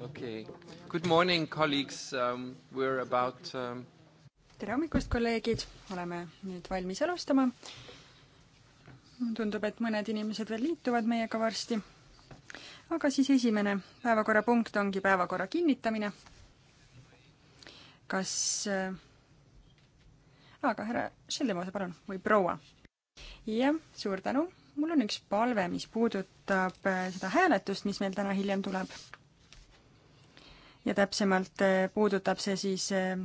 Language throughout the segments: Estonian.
Okay. Good morning, colleagues. Um, we're about um... tere hommikust, kolleegid, oleme nüüd valmis alustama. tundub, et mõned inimesed veel liituvad meiega varsti. aga siis esimene päevakorrapunkt ongi päevakorra kinnitamine. kas äh,, aga härra Šeldemose, palun, või proua? jah, suur tänu. mul on üks palve, mis puudutab äh, seda hääletust, mis meil täna hiljem tuleb ja täpsemalt eh, puudutab see siis eh,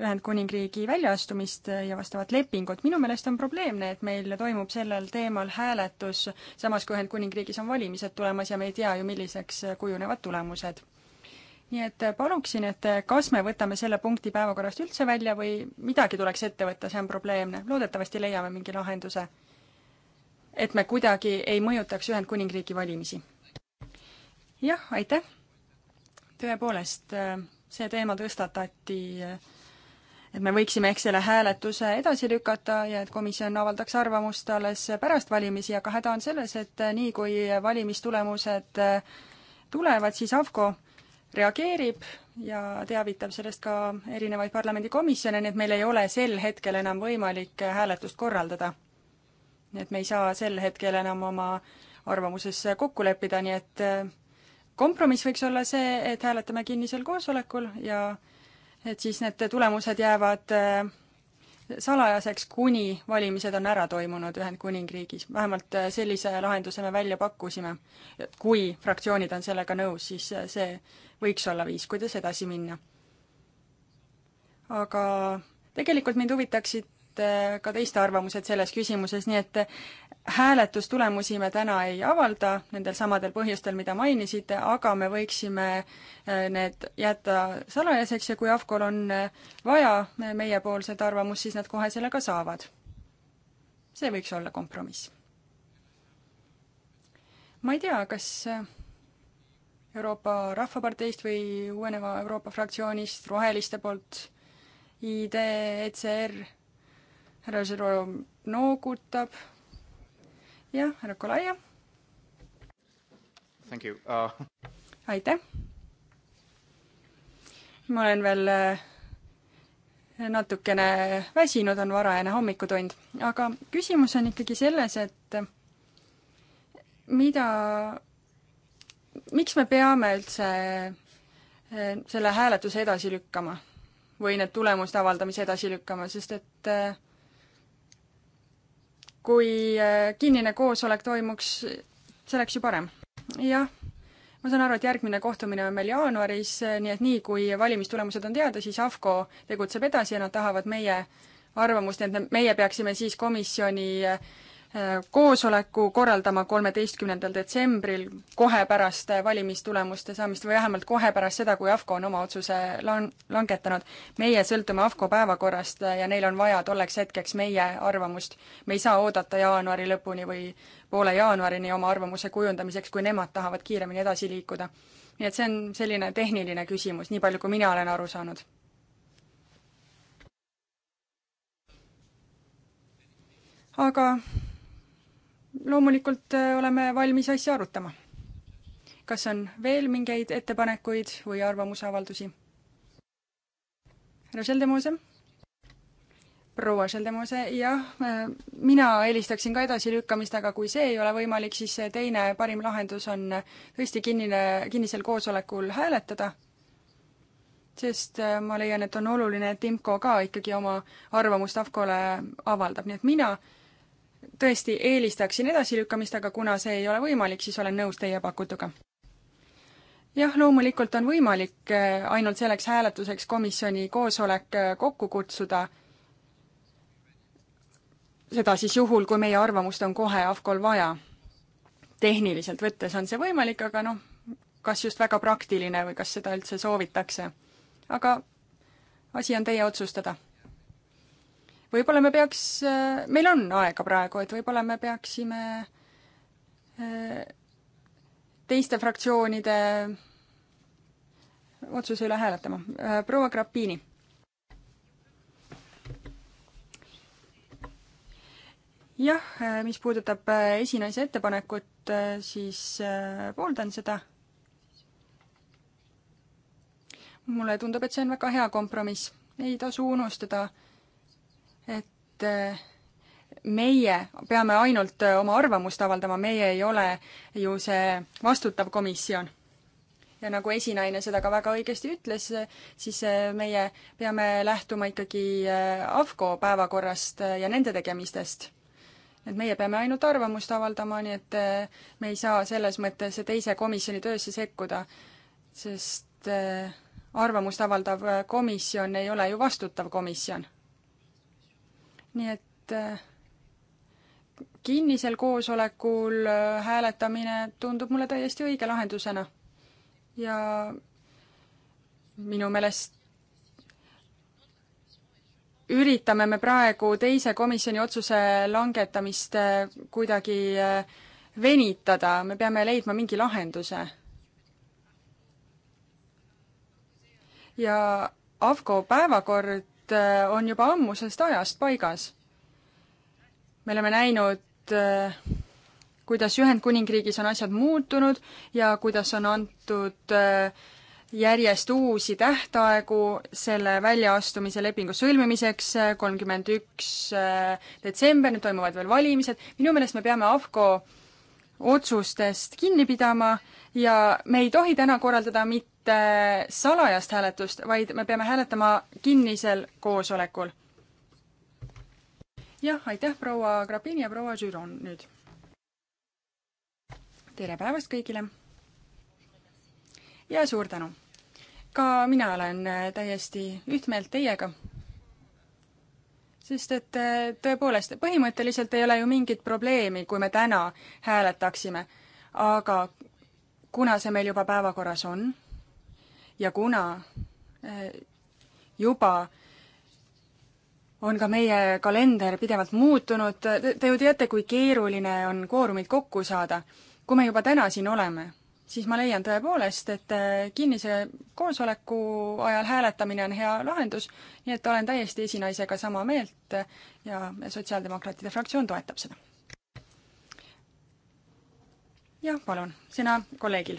Ühendkuningriigi väljaastumist eh, ja vastavat lepingut. minu meelest on probleemne, et meil toimub sellel teemal hääletus, samas kui Ühendkuningriigis on valimised tulemas ja me ei tea ju, milliseks kujunevad tulemused. nii et paluksin, et kas me võtame selle punkti päevakorrast üldse välja või midagi tuleks ette võtta, see on probleemne. loodetavasti leiame mingi lahenduse. et me kuidagi ei mõjutaks Ühendkuningriigi valimisi. jah, aitäh tõepoolest, äh, see teema tõstatati, äh, et me võiksime, eks selle hääletuse edasi lükata ja et komisjon avaldaks arvamust alles pärast valimisi, aga häda on selles, et äh, nii kui valimistulemused tulevad, siis AFCO reageerib ja teavitab sellest ka erinevaid parlamendikomisjone, nii et meil ei ole sel hetkel enam võimalik hääletust korraldada. nii et me ei saa sel hetkel enam oma arvamuses kokku leppida, nii et kompromiss võiks olla see, et hääletame kinnisel koosolekul ja et siis need tulemused jäävad äh, salajaseks, kuni valimised on ära toimunud Ühendkuningriigis. vähemalt äh, sellise lahenduse me välja pakkusime. kui fraktsioonid on sellega nõus, siis äh, see võiks olla viis, kuidas edasi minna. aga tegelikult mind huvitaksid Äh, ka teiste arvamused selles küsimuses, nii et äh, hääletustulemusi me täna ei avalda nendel samadel põhjustel, mida mainisite, aga me võiksime äh, need jätta salajaseks ja kui AFCO-l on vaja meiepoolset arvamust, siis nad kohe selle ka saavad. see võiks olla kompromiss. ma ei tea, kas Euroopa Rahvaparteist või Uueneva Euroopa fraktsioonist, Roheliste poolt, ID, ECR härra Žiro noogutab. jah, härra Kolaia. Uh... aitäh. ma olen veel äh, natukene väsinud, on varajane hommikutund, aga küsimus on ikkagi selles, et äh, mida, miks me peame üldse äh, selle hääletuse edasi lükkama või need tulemuste avaldamise edasi lükkama, sest et äh, kui äh, kinnine koosolek toimuks, see oleks ju parem. jah, ma saan aru, et järgmine kohtumine on meil jaanuaris, äh, nii et nii, kui valimistulemused on teada, siis AFCO tegutseb edasi ja nad tahavad meie arvamust, et meie peaksime siis komisjoni äh, koosoleku korraldama kolmeteistkümnendal detsembril, kohe pärast valimistulemuste saamist või vähemalt kohe pärast seda, kui AFCO on oma otsuse lan-, langetanud. meie sõltume AFCO päevakorrast ja neil on vaja tolleks hetkeks meie arvamust. me ei saa oodata jaanuari lõpuni või poole jaanuarini oma arvamuse kujundamiseks, kui nemad tahavad kiiremini edasi liikuda. nii et see on selline tehniline küsimus, nii palju kui mina olen aru saanud aga loomulikult äh, oleme valmis asja arutama. kas on veel mingeid ettepanekuid või arvamusavaldusi? härra Šeldemose? proua Šeldemose, jah, äh, mina eelistaksin ka edasilükkamist, aga kui see ei ole võimalik, siis teine parim lahendus on tõesti kinnine, kinnisel koosolekul hääletada, sest äh, ma leian, et on oluline, et IMCO ka ikkagi oma arvamust AFCO-le avaldab, nii et mina äh, tõesti eelistaksin edasilükkamist, aga kuna see ei ole võimalik, siis olen nõus teie pakutuga. jah, loomulikult on võimalik äh, ainult selleks hääletuseks komisjoni koosolek äh, kokku kutsuda, seda siis juhul, kui meie arvamust on kohe AFCO-l vaja. tehniliselt võttes on see võimalik, aga noh, kas just väga praktiline või kas seda üldse soovitakse. aga asi on teie otsustada võib-olla me peaks, äh, meil on aega praegu, et võib-olla me peaksime äh, teiste fraktsioonide otsuse üle hääletama. Äh, proua Grappini. jah, mis puudutab esinaise ettepanekut, siis pooldan seda. mulle tundub, et see on väga hea kompromiss. ei tasu unustada äh, et äh, meie peame ainult äh, oma arvamust avaldama, meie ei ole ju see vastutav komisjon. ja nagu esinaine seda ka väga õigesti ütles, äh, siis meie peame lähtuma ikkagi AFCO päevakorrast ja nende tegemistest. et meie peame ainult arvamust avaldama, nii et me ei saa selles mõttes teise komisjoni töösse sekkuda, sest arvamust avaldav komisjon ei ole ju vastutav komisjon nii et äh, kinnisel koosolekul äh, hääletamine tundub mulle täiesti õige lahendusena. ja minu meelest üritame me praegu teise komisjoni otsuse langetamist äh, kuidagi venitada, me peame leidma mingi lahenduse. ja AFCO päevakord Äh, on juba ammusest ajast paigas. me oleme näinud, äh, kuidas Ühendkuningriigis on asjad muutunud ja kuidas on antud äh, järjest uusi tähtaegu selle väljaastumise lepingu sõlmimiseks, kolmkümmend üks detsember, nüüd toimuvad veel valimised, minu meelest me peame AFCO otsustest kinni pidama ja me ei tohi täna korraldada mitte salajast hääletust, vaid me peame hääletama kinnisel koosolekul. jah, aitäh, proua Grabin ja proua Žüron nüüd. tere päevast kõigile! ja suur tänu! ka mina olen täiesti üht meelt teiega sest et eh, tõepoolest, põhimõtteliselt ei ole ju mingit probleemi, kui me täna hääletaksime, aga kuna see meil juba päevakorras on ja kuna eh, juba on ka meie kalender pidevalt muutunud, te ju teate, kui keeruline on koorumid kokku saada, kui me juba täna siin oleme siis ma leian tõepoolest, et äh, kinnise koosoleku ajal hääletamine on hea lahendus, nii et olen täiesti esinaisega sama meelt ja Sotsiaaldemokraatide fraktsioon toetab seda. jah, palun, sõna kolleegil.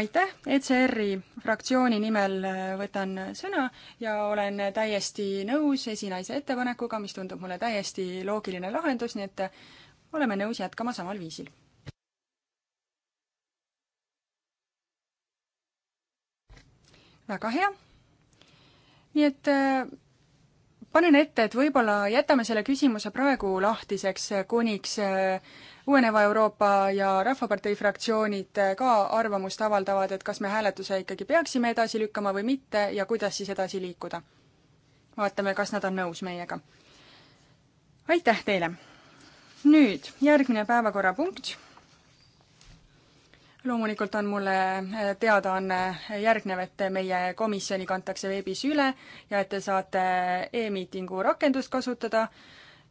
aitäh, ECR-i fraktsiooni nimel äh, võtan sõna ja olen täiesti nõus esinaise ettepanekuga, mis tundub mulle täiesti loogiline lahendus, nii et äh, oleme nõus jätkama samal viisil väga hea. nii et äh, panen ette, et võib-olla jätame selle küsimuse praegu lahtiseks, äh, kuniks äh, uueneva Euroopa ja Rahvapartei fraktsioonid ka arvamust avaldavad, et kas me hääletuse ikkagi peaksime edasi lükkama või mitte ja kuidas siis edasi liikuda. vaatame, kas nad on nõus meiega. aitäh teile! nüüd järgmine päevakorrapunkt loomulikult on mulle eh, teadaanne eh, järgnev, et meie komisjoni kantakse veebis üle ja et te saate eh, e-miitingu rakendust kasutada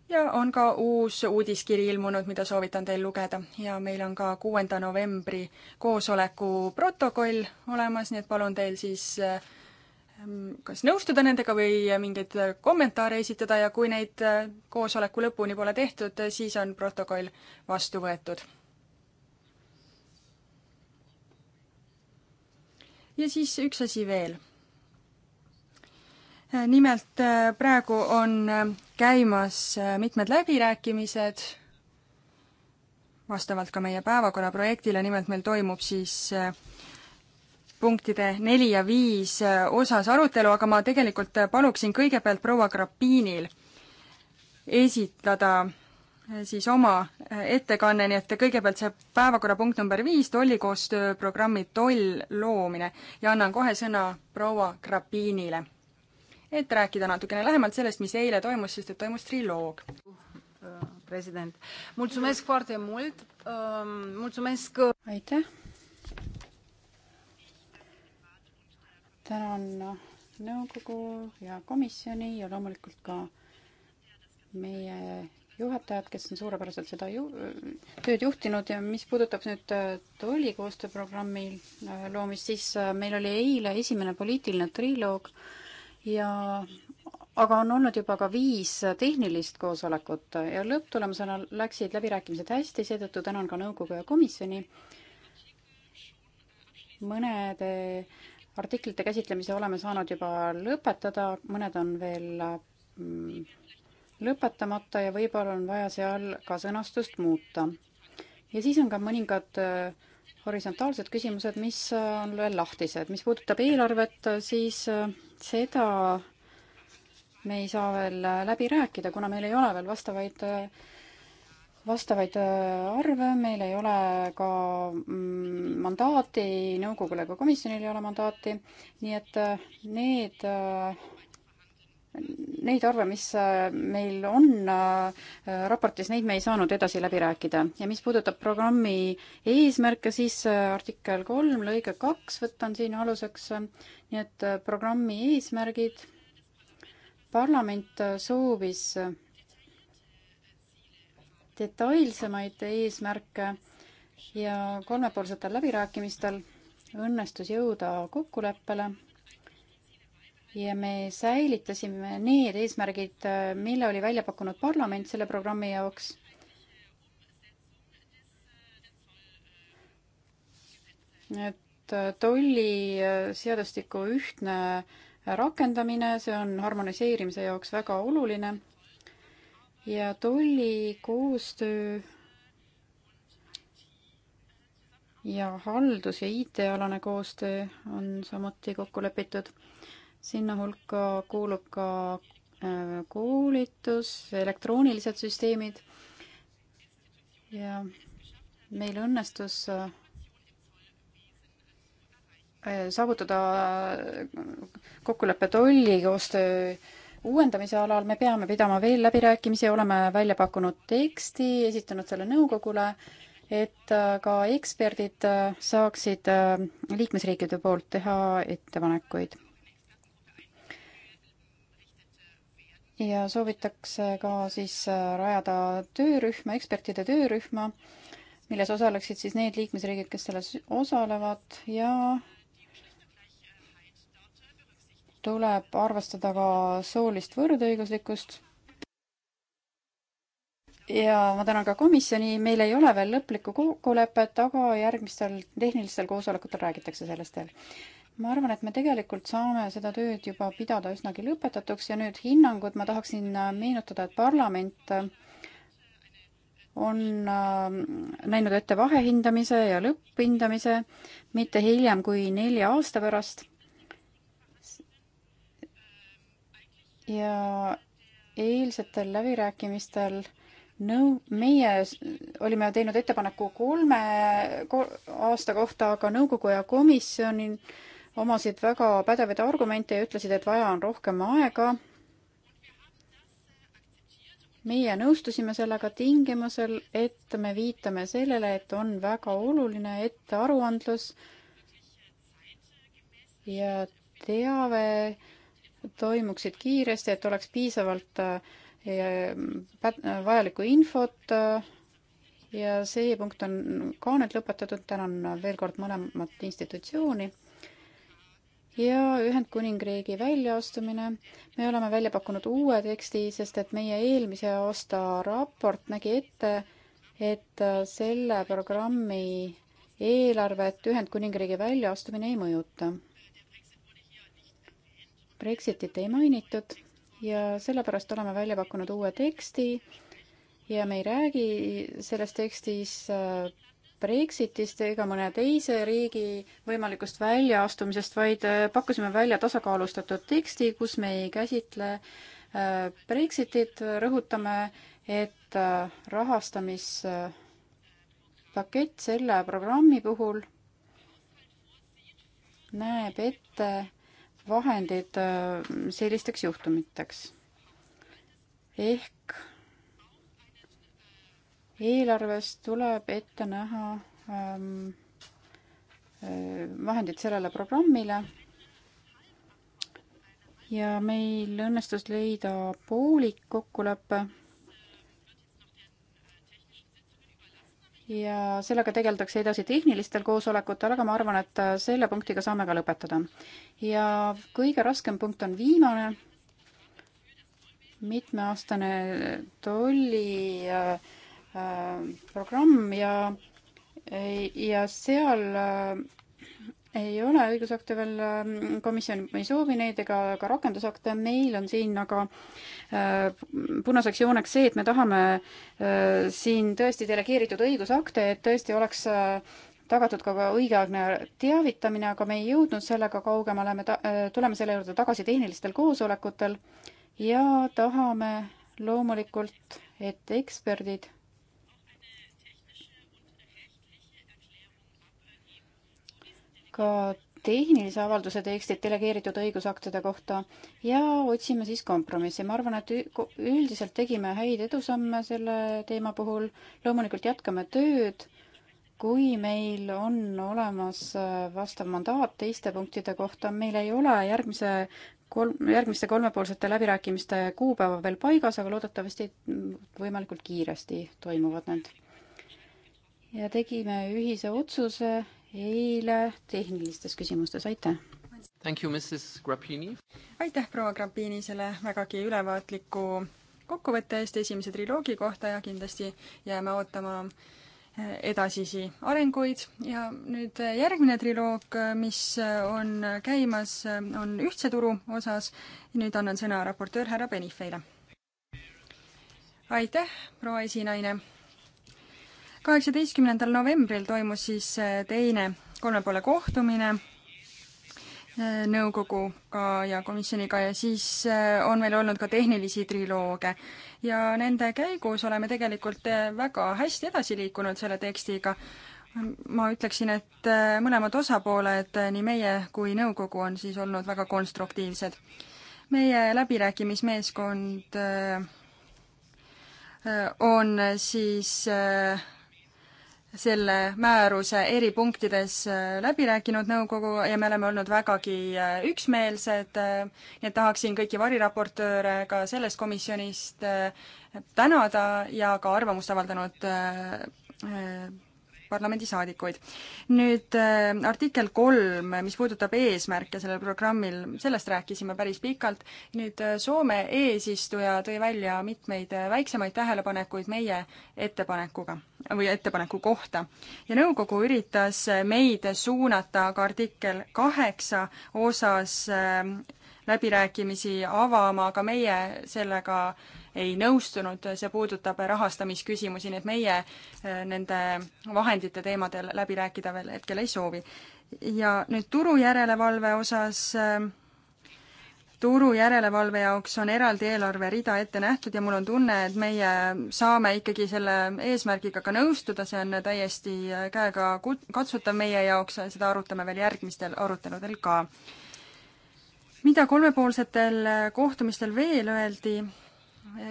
ja on ka uus uudiskiri ilmunud, mida soovitan teil lugeda ja meil on ka kuuenda novembri koosoleku protokoll olemas, nii et palun teil siis mm, kas nõustuda nendega või mingeid kommentaare esitada ja kui neid koosoleku lõpuni pole tehtud, siis on protokoll vastu võetud ja siis üks asi veel. Äh, nimelt äh, praegu on äh, käimas mitmed läbirääkimised vastavalt ka meie päevakorra projektile, nimelt meil toimub siis punktide neli ja viis osas arutelu, aga ma tegelikult paluksin kõigepealt proua Grappinil esitada siis oma äh, ettekanne, nii et kõigepealt see päevakorrapunkt number viis, tollikoostöö programmi Toll loomine ja annan kohe sõna proua Krapinile. et rääkida natukene lähemalt sellest, mis eile toimus, sest et toimus triloog. president, mulțumesc foarte mult, um, mulțumesc. aitäh. tänan nõukogu ja komisjoni ja loomulikult ka meie juhatajad, kes on suurepäraselt seda ju tööd juhtinud ja mis puudutab nüüd äh, tolli koostööprogrammi äh, loomist, siis äh, meil oli eile esimene poliitiline triloog ja aga on olnud juba ka viis tehnilist koosolekut ja lõpptulemusena läksid läbirääkimised hästi, seetõttu tänan ka nõukogu ja komisjoni. mõnede artiklite käsitlemise oleme saanud juba lõpetada, mõned on veel mm, lõpetamata ja võib-olla on vaja seal ka sõnastust muuta. ja siis on ka mõningad äh, horisontaalsed küsimused, mis äh, on veel lahtised. mis puudutab eelarvet, siis äh, seda me ei saa veel läbi rääkida, kuna meil ei ole veel vastavaid, vastavaid arve, meil ei ole ka mm, mandaati, nõukogul ega komisjonil ei ole mandaati, nii et need neid arve, mis äh, meil on äh, raportis, neid me ei saanud edasi läbi rääkida. ja mis puudutab programmi eesmärke, siis äh, artikkel kolm lõige kaks võtan siin aluseks, nii et programmi eesmärgid, parlament soovis detailsemaid eesmärke ja kolmepoolsetel läbirääkimistel õnnestus jõuda kokkuleppele ja me säilitasime need eesmärgid, äh, mille oli välja pakkunud parlament selle programmi jaoks. et äh, tolliseadustiku äh, ühtne rakendamine, see on harmoniseerimise jaoks väga oluline ja tolli koostöö ja haldus- ja IT-alane koostöö on samuti kokku lepitud sinna hulka kuulub ka äh, koolitus, elektroonilised süsteemid ja meil õnnestus äh, saavutada äh, kokkulepe tolli koostöö uuendamise alal, me peame pidama veel läbirääkimisi, oleme välja pakkunud teksti, esitanud selle nõukogule, et ka eksperdid saaksid liikmesriikide poolt teha ettepanekuid. ja soovitakse ka siis äh, rajada töörühma, ekspertide töörühma, milles osaleksid siis need liikmesriigid, kes selles osalevad ja tuleb arvestada ka soolist võrdõiguslikkust. ja ma tänan ka komisjoni, meil ei ole veel lõplikku kokkulepet, aga järgmistel tehnilistel koosolekutel räägitakse sellest veel ma arvan, et me tegelikult saame seda tööd juba pidada üsnagi lõpetatuks ja nüüd hinnangud, ma tahaksin äh, meenutada, et parlament äh, on äh, näinud ette vahehindamise ja lõpphindamise mitte hiljem kui nelja aasta pärast. ja eilsetel läbirääkimistel nõu- no,, meie olime teinud ettepaneku kolme aasta kohta, aga nõukogu ja komisjonil omasid väga pädevaid argumente ja ütlesid, et vaja on rohkem aega. meie nõustusime sellega tingimusel, et me viitame sellele, et on väga oluline ettearuandlus ja teave toimuksid kiiresti, et oleks piisavalt eh, vajalikku infot ja see punkt on ka nüüd lõpetatud, tänan veel kord mõlemat institutsiooni ja Ühendkuningriigi väljaastumine. me oleme välja pakkunud uue teksti, sest et meie eelmise aasta raport nägi ette, et selle programmi eelarvet Ühendkuningriigi väljaastumine ei mõjuta. Brexitit ei mainitud ja sellepärast oleme välja pakkunud uue teksti ja me ei räägi selles tekstis Brexitist ega mõne teise riigi võimalikust väljaastumisest, vaid äh, pakkusime välja tasakaalustatud teksti, kus me ei käsitle äh, Brexitit, rõhutame, et äh, rahastamispakett selle programmi puhul näeb ette vahendid sellisteks juhtumiteks. ehk eelarves tuleb ette näha ähm, äh, vahendid sellele programmile ja meil õnnestus leida poolik kokkulepe. ja sellega tegeldakse edasi tehnilistel koosolekutel, aga ma arvan, et äh, selle punktiga saame ka lõpetada. ja kõige raskem punkt on viimane, mitmeaastane tolli äh, Äh, programm ja, ja seal äh, ei ole õigusakte veel, äh, komisjon ei soovi neid ega ka rakendusakte, meil on siin aga äh, punaseks jooneks see, et me tahame äh, siin tõesti delegeeritud õigusakte, et tõesti oleks äh, tagatud ka õigeaegne teavitamine, aga me ei jõudnud sellega kaugemale, me ta-, tuleme selle juurde tagasi tehnilistel koosolekutel ja tahame loomulikult, et eksperdid ka tehnilise avalduse tekstid delegeeritud õigusaktide kohta ja otsime siis kompromissi. ma arvan, et üldiselt tegime häid edusamme selle teema puhul. loomulikult jätkame tööd, kui meil on olemas äh, vastav mandaat teiste punktide kohta. meil ei ole järgmise kolm, järgmiste kolmepoolsete läbirääkimiste kuupäeva veel paigas, aga loodetavasti mm, võimalikult kiiresti toimuvad need. ja tegime ühise otsuse eile tehnilistes küsimustes, aitäh! Thank you, Mrs Grappini! aitäh proua Grappini selle vägagi ülevaatliku kokkuvõtte eest esimese triloogi kohta ja kindlasti jääme ootama eh, edasisi arenguid ja nüüd eh, järgmine triloog, eh, mis on käimas, on ühtse turu osas. nüüd annan sõna raportöör härra Benifeile. aitäh, proua esinaine kaheksateistkümnendal novembril toimus siis äh, teine kolmepoole kohtumine äh, nõukoguga ja komisjoniga ja siis äh, on meil olnud ka tehnilisi trilooge. ja nende käigus oleme tegelikult väga hästi edasi liikunud selle tekstiga. ma ütleksin, et mõlemad osapooled, nii meie kui nõukogu, on siis olnud väga konstruktiivsed. meie läbirääkimismeeskond on siis äh, selle määruse eripunktides äh, läbi rääkinud nõukogu ja me oleme olnud vägagi äh, üksmeelsed, äh, nii et tahaksin kõiki variraportööre ka sellest komisjonist tänada ja ka arvamust avaldanud parlamendisaadikuid. nüüd äh, artikkel kolm, mis puudutab eesmärke sellel programmil, sellest rääkisime päris pikalt, nüüd äh, Soome eesistuja tõi välja mitmeid äh, väiksemaid tähelepanekuid meie ettepanekuga või ettepaneku kohta. ja nõukogu üritas äh, meid suunata ka artikkel kaheksa osas äh, läbirääkimisi avama, aga meie sellega äh, ei nõustunud, see puudutab rahastamisküsimusi, nii et meie äh, nende vahendite teemadel läbi rääkida veel hetkel ei soovi. ja nüüd turu järelevalve osas äh, turu järelevalve jaoks on eraldi eelarverida ette nähtud ja mul on tunne, et meie saame ikkagi selle eesmärgiga ka nõustuda, see on täiesti äh, käega katsutav meie jaoks, seda arutame veel järgmistel aruteludel ka. mida kolmepoolsetel kohtumistel veel öeldi,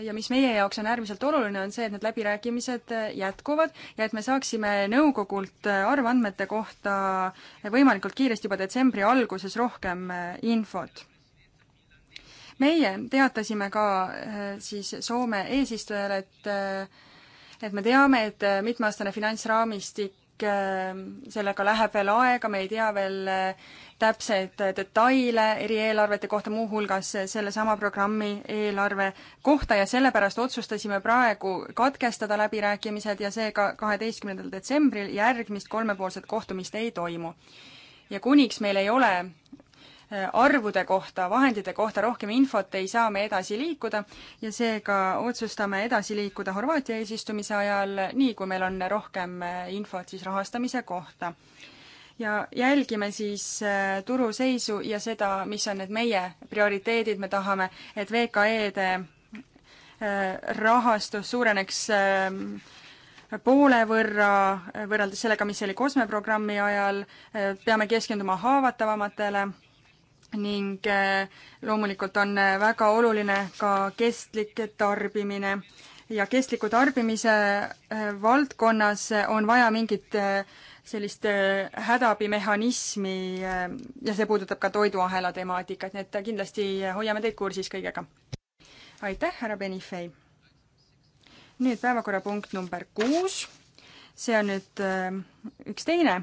ja mis meie jaoks on äärmiselt oluline, on see, et need läbirääkimised äh, jätkuvad ja et me saaksime nõukogult äh, arvandmete kohta võimalikult kiiresti juba detsembri alguses rohkem äh, infot. meie teatasime ka siis Soome eesistujale, et et me teame, et mitmeaastane finantsraamistik Äh, sellega läheb veel aega, me ei tea veel äh, täpseid detaile eri eelarvete kohta, muuhulgas äh, sellesama programmi eelarve kohta ja sellepärast otsustasime praegu katkestada läbirääkimised ja seega kaheteistkümnendal detsembril järgmist kolmepoolset kohtumist ei toimu. ja kuniks meil ei ole Äh, arvude kohta, vahendite kohta rohkem infot ei saa me edasi liikuda ja seega otsustame edasi liikuda Horvaatia eesistumise ajal, nii kui meil on rohkem äh, infot siis rahastamise kohta. ja jälgime siis äh, turu seisu ja seda, mis on need meie prioriteedid, me tahame, et VKE-de rahastus suureneks poole võrra, võrreldes sellega, mis oli kosmeprogrammi ajal, peame keskenduma haavatavamatele ning eh, loomulikult on eh, väga oluline ka kestlik tarbimine ja kestliku tarbimise eh, valdkonnas on vaja mingit sellist hädaabimehhanismi ja see puudutab ka toiduahela temaatikat, nii et kindlasti hoiame teid kursis kõigega. aitäh, härra Benifei! nüüd päevakorrapunkt number kuus, see on nüüd üks teine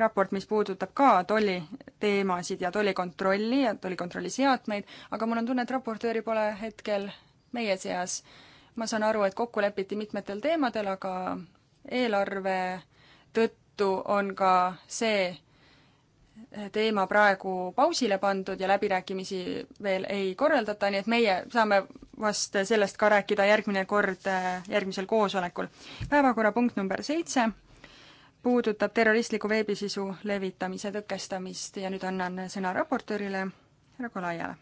raport, mis puudutab ka tolliteemasid ja tollikontrolli ja tollikontrolli seadmeid, aga mul on tunne, et raportööri pole hetkel meie seas. ma saan aru, et kokku lepiti mitmetel teemadel, aga eelarve tõttu on ka see teema praegu pausile pandud ja läbirääkimisi veel ei korraldata, nii et meie saame vast sellest ka rääkida järgmine kord, järgmisel koosolekul. päevakorrapunkt number seitse puudutab terroristliku veebisisu levitamise tõkestamist ja nüüd annan sõna raportöörile, härra Kolaiale.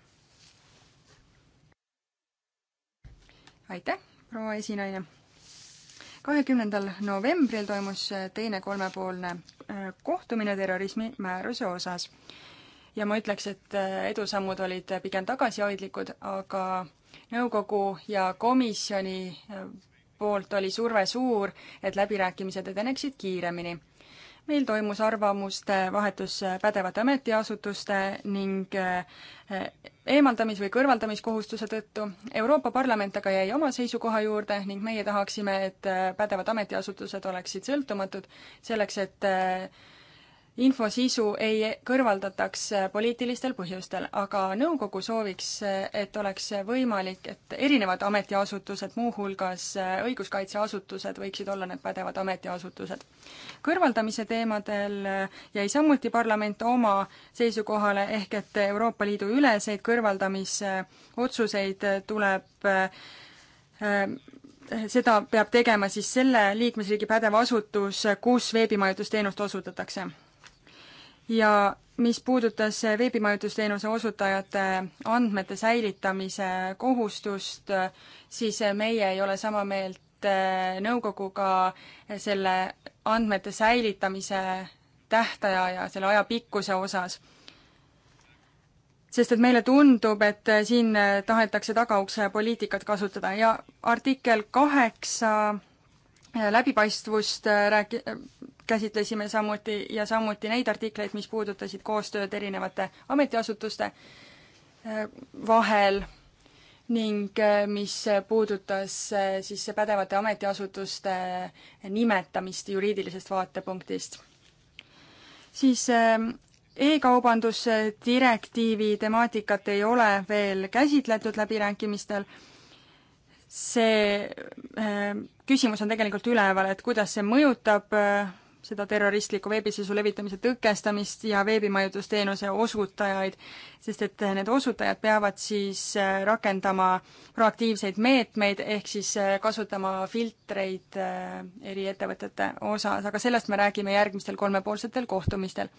aitäh, proua esinaine! kahekümnendal novembril toimus teine kolmepoolne äh, kohtumine terrorismi määruse osas. ja ma ütleks, et äh, edusammud olid pigem tagasihoidlikud, aga nõukogu ja komisjoni äh, poolt oli surve suur, et läbirääkimised edeneksid kiiremini. meil toimus arvamuste vahetus pädevate ametiasutuste ning eh, eemaldamis- või kõrvaldamiskohustuse tõttu. Euroopa Parlament aga jäi oma seisukoha juurde ning meie tahaksime, et eh, pädevad ametiasutused oleksid sõltumatud selleks, et eh, info sisu ei kõrvaldataks poliitilistel põhjustel, aga nõukogu sooviks, et oleks võimalik, et erinevad ametiasutused, muuhulgas õiguskaitseasutused, võiksid olla need pädevad ametiasutused. kõrvaldamise teemadel jäi samuti parlament oma seisukohale, ehk et Euroopa Liidu üleseid kõrvaldamisotsuseid tuleb seda peab tegema siis selle liikmesriigi pädev asutus, kus veebimajutusteenust osutatakse ja mis puudutas veebimajutusteenuse osutajate andmete säilitamise kohustust, siis meie ei ole sama meelt eh, nõukoguga selle andmete säilitamise tähtaja ja selle aja pikkuse osas. sest et meile tundub, et siin tahetakse tagaukse poliitikat kasutada ja artikkel kaheksa 8 Äh, läbipaistvust äh, rääki-, äh, käsitlesime samuti ja samuti neid artikleid, mis puudutasid koostööd erinevate ametiasutuste vahel ning mis puudutas siis pädevate ametiasutuste nimetamist juriidilisest vaatepunktist. siis e-kaubandusdirektiivi temaatikat ei ole veel käsitletud läbirääkimistel see äh, küsimus on tegelikult üleval, et kuidas see mõjutab äh, seda terroristliku veebisisu levitamise tõkestamist ja veebimajutusteenuse osutajaid, sest et äh, need osutajad peavad siis rakendama proaktiivseid meetmeid, ehk siis kasutama filtreid eri ettevõtete osas, aga sellest me räägime järgmistel kolmepoolsetel kohtumistel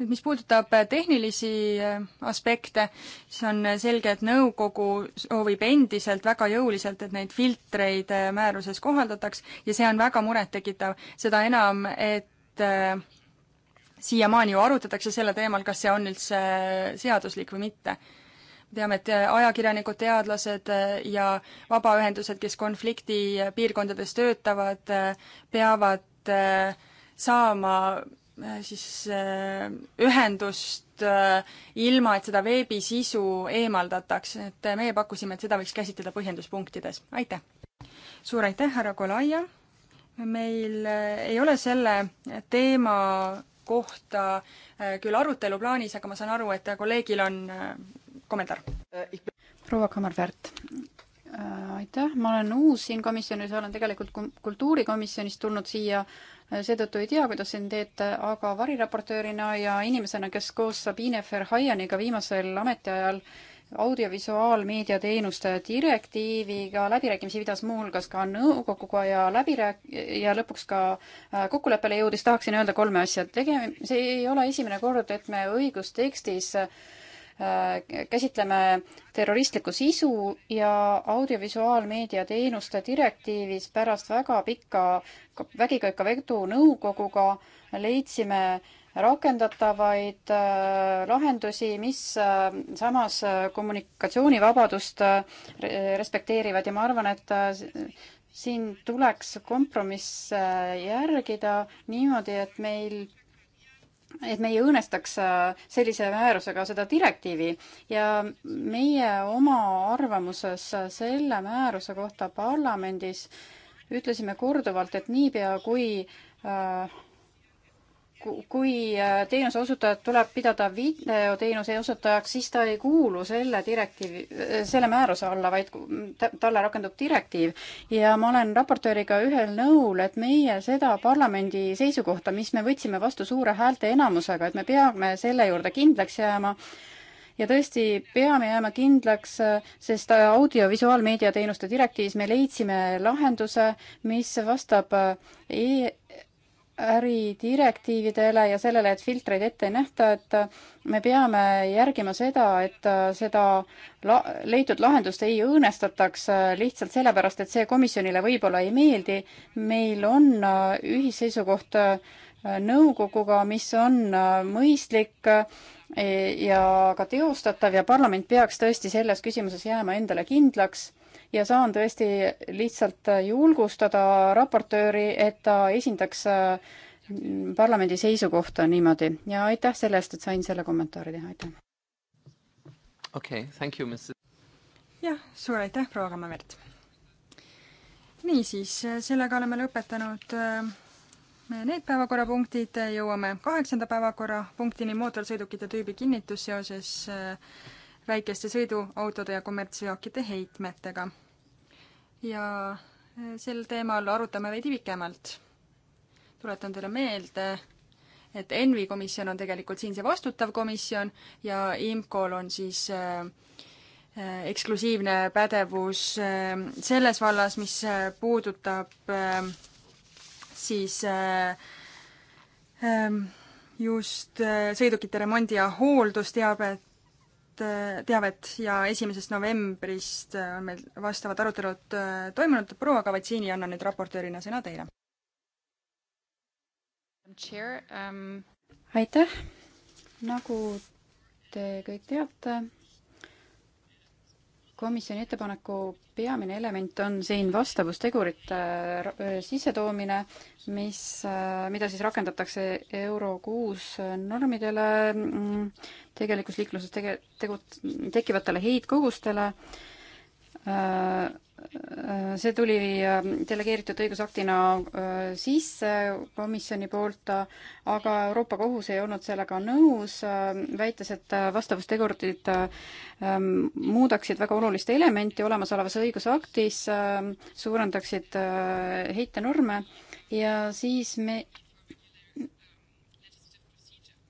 nüüd, mis puudutab äh, tehnilisi äh, aspekte, siis on selge, et nõukogu soovib endiselt väga jõuliselt, et neid filtreid äh, määruses kohaldataks ja see on väga murettekitav, seda enam, et siiamaani ju arutatakse selle teemal, kas see on üldse seaduslik või mitte teame, et ajakirjanikud, teadlased ja vabaühendused, kes konflikti piirkondades töötavad, peavad saama Äh, siis äh, ühendust äh, ilma, et seda veebisisu eemaldataks, et meie pakkusime, et seda võiks käsitleda põhjenduspunktides. aitäh! suur aitäh, härra Kolaia! meil ei ole selle teema kohta küll arutelu plaanis, aga ma saan aru, et kolleegil on kommentaar. proua Kammervärt, aitäh, ma olen uus siin komisjonis, olen tegelikult kultuurikomisjonist tulnud siia äh, seetõttu ei tea, kuidas siin teete, aga variraportöörina ja inimesena, kes koos Sabine Verhaianiga viimasel ametiajal audiovisuaalmeedia teenuste direktiiviga läbirääkimisi pidas muuhulgas ka nõukoguga ja läbirääk- ja lõpuks ka äh, kokkuleppele jõudis, tahaksin öelda kolme asja. tege-, see ei ole esimene kord, et me õigustekstis äh, Äh, käsitleme terroristlikku sisu ja audiovisuaalmeedia teenuste direktiivis pärast väga pikka vägikaikavedu nõukoguga leidsime rakendatavaid äh, lahendusi, mis äh, samas kommunikatsioonivabadust respekteerivad ja ma arvan, et siin tuleks kompromisse järgida niimoodi, et meil et me ei õõnestaks äh, sellise määrusega seda direktiivi ja meie oma arvamuses selle määruse kohta parlamendis ütlesime korduvalt, et niipea kui äh, kui äh, teenuse osutajat tuleb pidada videoteenuse osutajaks, siis ta ei kuulu selle direktiivi, äh, selle määruse alla, vaid talle rakendub direktiiv. ja ma olen raportööriga ühel nõul, et meie seda parlamendi seisukohta, mis me võtsime vastu suure häälteenamusega, et me peame selle juurde kindlaks jääma ja tõesti peame jääma kindlaks, sest audiovisuaalmeedia teenuste direktiivis me leidsime lahenduse, mis vastab äh, e äridirektiividele ja sellele, et filtreid ette ei nähta, et me peame järgima seda, et seda la-, leitud lahendust ei õõnestataks lihtsalt sellepärast, et see komisjonile võib-olla ei meeldi. meil on ühisseisukoht nõukoguga, mis on mõistlik ja ka teostatav ja parlament peaks tõesti selles küsimuses jääma endale kindlaks ja saan tõesti lihtsalt julgustada raportööri, et ta esindaks äh, parlamendi seisukohta niimoodi ja aitäh selle eest, et sain selle kommentaari teha, aitäh. okei okay,, thank you, Mrs. jah, suur aitäh, proua Kammavert. niisiis, äh, sellega oleme lõpetanud äh, need päevakorrapunktid, jõuame kaheksanda päevakorrapunktini, mootorsõidukite tüübi kinnitus seoses väikeste sõiduautode ja kommertsveokite heitmetega ja eh, sel teemal arutame veidi pikemalt. tuletan teile meelde, et ENVI komisjon on tegelikult siin see vastutav komisjon ja IMCO-l on siis eh, eh, eksklusiivne pädevus selles vallas, mis puudutab siis just sõidukite remondi ja hooldusteabet Äh, teavet ja esimesest novembrist äh, on meil vastavad arutelud äh, toimunud. proua Kavatsiini, annan nüüd raportöörina sõna teile. Um, aitäh, nagu te kõik teate, komisjoni ettepaneku peamine element on siin vastavustegurite äh, sissetoomine, mis, äh, mida siis rakendatakse Euro kuus normidele, mm, tegelikus liikluses tege-, tegu-, tekkivatele heitkogustele äh, Äh, äh, see tuli äh, delegeeritud õigusaktina sisse komisjoni poolt, aga Euroopa Kohus ei olnud sellega nõus, väites, et vastavustegurid ähm, muudaksid väga olulist elementi olemasolevas õigusaktis, suurendaksid heitenorme ja siis me,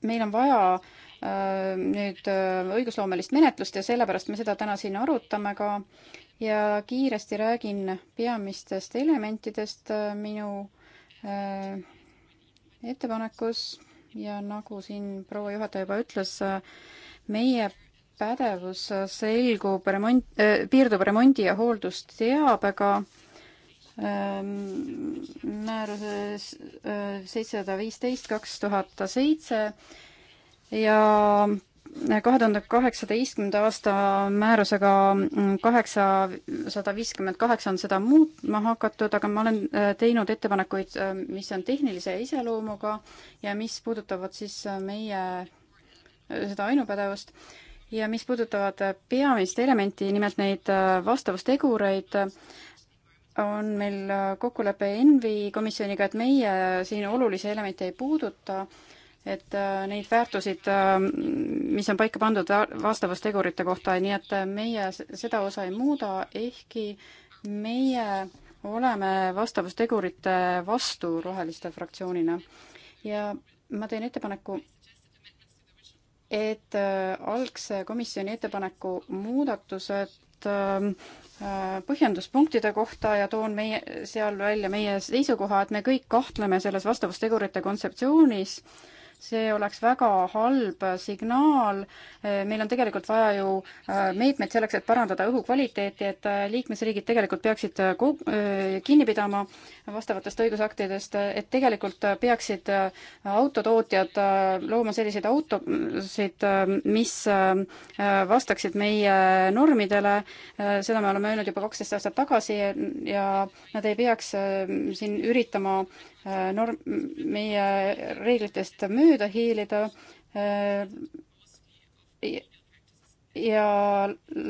meil on vaja Äh, nüüd äh, õigusloomelist menetlust ja sellepärast me seda täna siin arutame ka ja kiiresti räägin peamistest elementidest äh, minu ettepanekus ja nagu siin proua juhataja juba ütles, meie pädevus selgub remont, piirdub remondi ja hooldusteabega ähm, määruses seitsesada viisteist kaks tuhat seitse ja kahe tuhande kaheksateistkümnenda aasta määrusega kaheksasada viiskümmend kaheksa on seda muutma hakatud, aga ma olen äh, teinud ettepanekuid, äh, mis on tehnilise iseloomuga ja mis puudutavad siis äh, meie seda ainupädevust ja mis puudutavad peamist elementi, nimelt neid vastavustegureid, on meil kokkulepe ENVI komisjoniga, et meie siin olulisi elemente ei puuduta et äh, neid väärtusid, äh, mis on paika pandud vastavustegurite kohta, nii et äh, meie seda osa ei muuda, ehkki meie oleme vastavustegurite vastu roheliste fraktsioonina. ja ma teen ettepaneku, et algse komisjoni ettepaneku muudatused ähm, põhjenduspunktide kohta ja toon meie, seal välja meie seisukoha, et me kõik kahtleme selles vastavustegurite kontseptsioonis äh, see oleks väga halb signaal. meil on tegelikult vaja ju äh, meetmeid selleks, et parandada õhukvaliteeti, et äh, liikmesriigid tegelikult peaksid äh, kinni pidama vastavatest õigusaktidest, et tegelikult peaksid autotootjad looma selliseid autosid, mis vastaksid meie normidele. seda me oleme öelnud juba kaksteist aastat tagasi ja nad ei peaks siin üritama äh, Äh, norm, meie reeglitest mööda hiilida äh, ja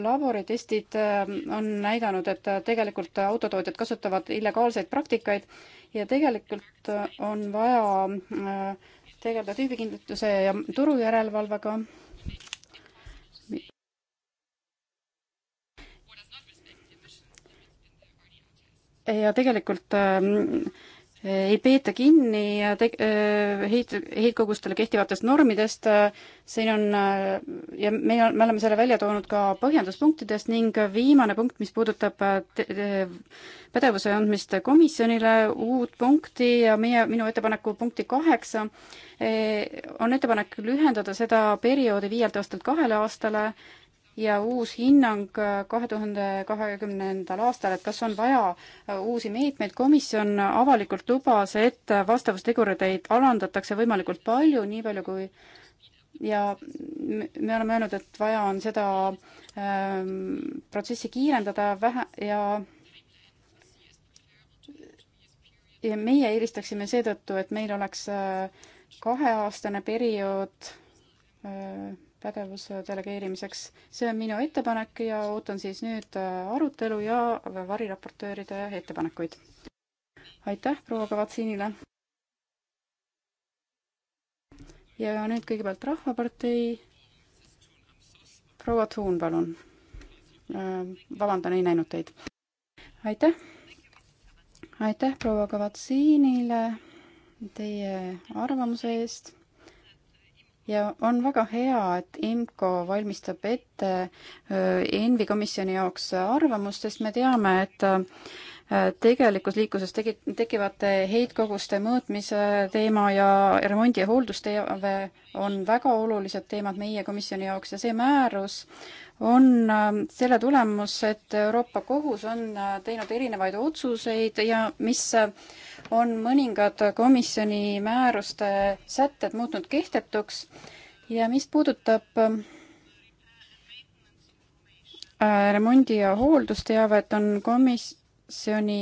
laboritestid äh, on näidanud, et tegelikult autotootjad kasutavad illegaalseid praktikaid ja tegelikult on vaja tegeleda tüübikindlustuse ja turujärelevalvega. ja tegelikult äh, ei peeta kinni teg-, heit-, heitkogustele kehtivatest normidest, siin on ja me, me oleme selle välja toonud ka põhjenduspunktides ning viimane punkt, mis puudutab pädevuse andmist komisjonile, uut punkti ja meie, minu ettepaneku punkti kaheksa, eh, on ettepanek lühendada seda perioodi viielt aastalt kahele aastale ja uus hinnang äh, kahe tuhande kahekümnendal aastal, et kas on vaja äh, uusi meetmeid. komisjon avalikult lubas, et äh, vastavustegureid alandatakse võimalikult palju, nii palju kui ja me oleme öelnud, et vaja on seda ähm, protsessi kiirendada vähe ja ja meie eelistaksime seetõttu, et meil oleks kaheaastane periood äh, pädevuse delegeerimiseks. see on minu ettepanek ja ootan siis nüüd äh, arutelu ja variraportööride ettepanekuid. aitäh proua Kavatsinile. ja nüüd kõigepealt Rahvapartei. proua Tuun, palun. Äh, vabandan, ei näinud teid. aitäh. aitäh proua Kavatsinile teie arvamuse eest ja on väga hea, et IMCO valmistab ette ENVI komisjoni jaoks arvamust, sest me teame, et tegelikus liikluses tegi, tekivate heitkoguste mõõtmise teema ja remondi- ja hooldusteave on väga olulised teemad meie komisjoni jaoks ja see määrus äh, on ähm, selle tulemus, et Euroopa Kohus on äh, teinud erinevaid otsuseid ja mis äh, on mõningad komisjoni määruste sätted muutnud kehtetuks ja mis puudutab ähm, äh, remondi- ja hooldusteavet, on komisjoni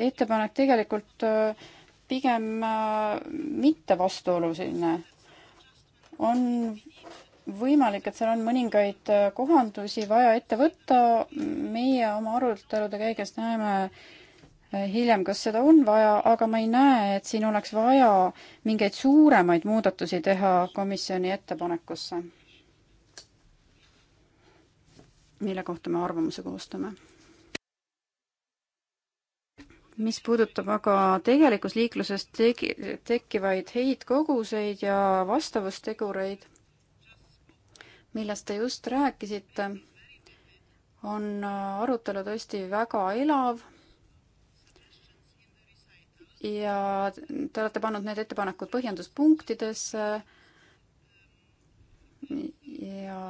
ettepanek tegelikult pigem mitte vastuoluline. on võimalik, et seal on mõningaid äh, kohandusi vaja ette võtta. meie oma arutelude käigus näeme äh, hiljem, kas seda on vaja, aga ma ei näe, et siin oleks vaja mingeid suuremaid muudatusi teha komisjoni ettepanekusse, mille kohta me arvamuse koostame mis puudutab aga tegelikus liikluses tegi, tekkivaid heitkoguseid ja vastavustegureid, millest te just rääkisite, on arutelu tõesti väga elav ja te olete pannud need ettepanekud põhjenduspunktidesse ja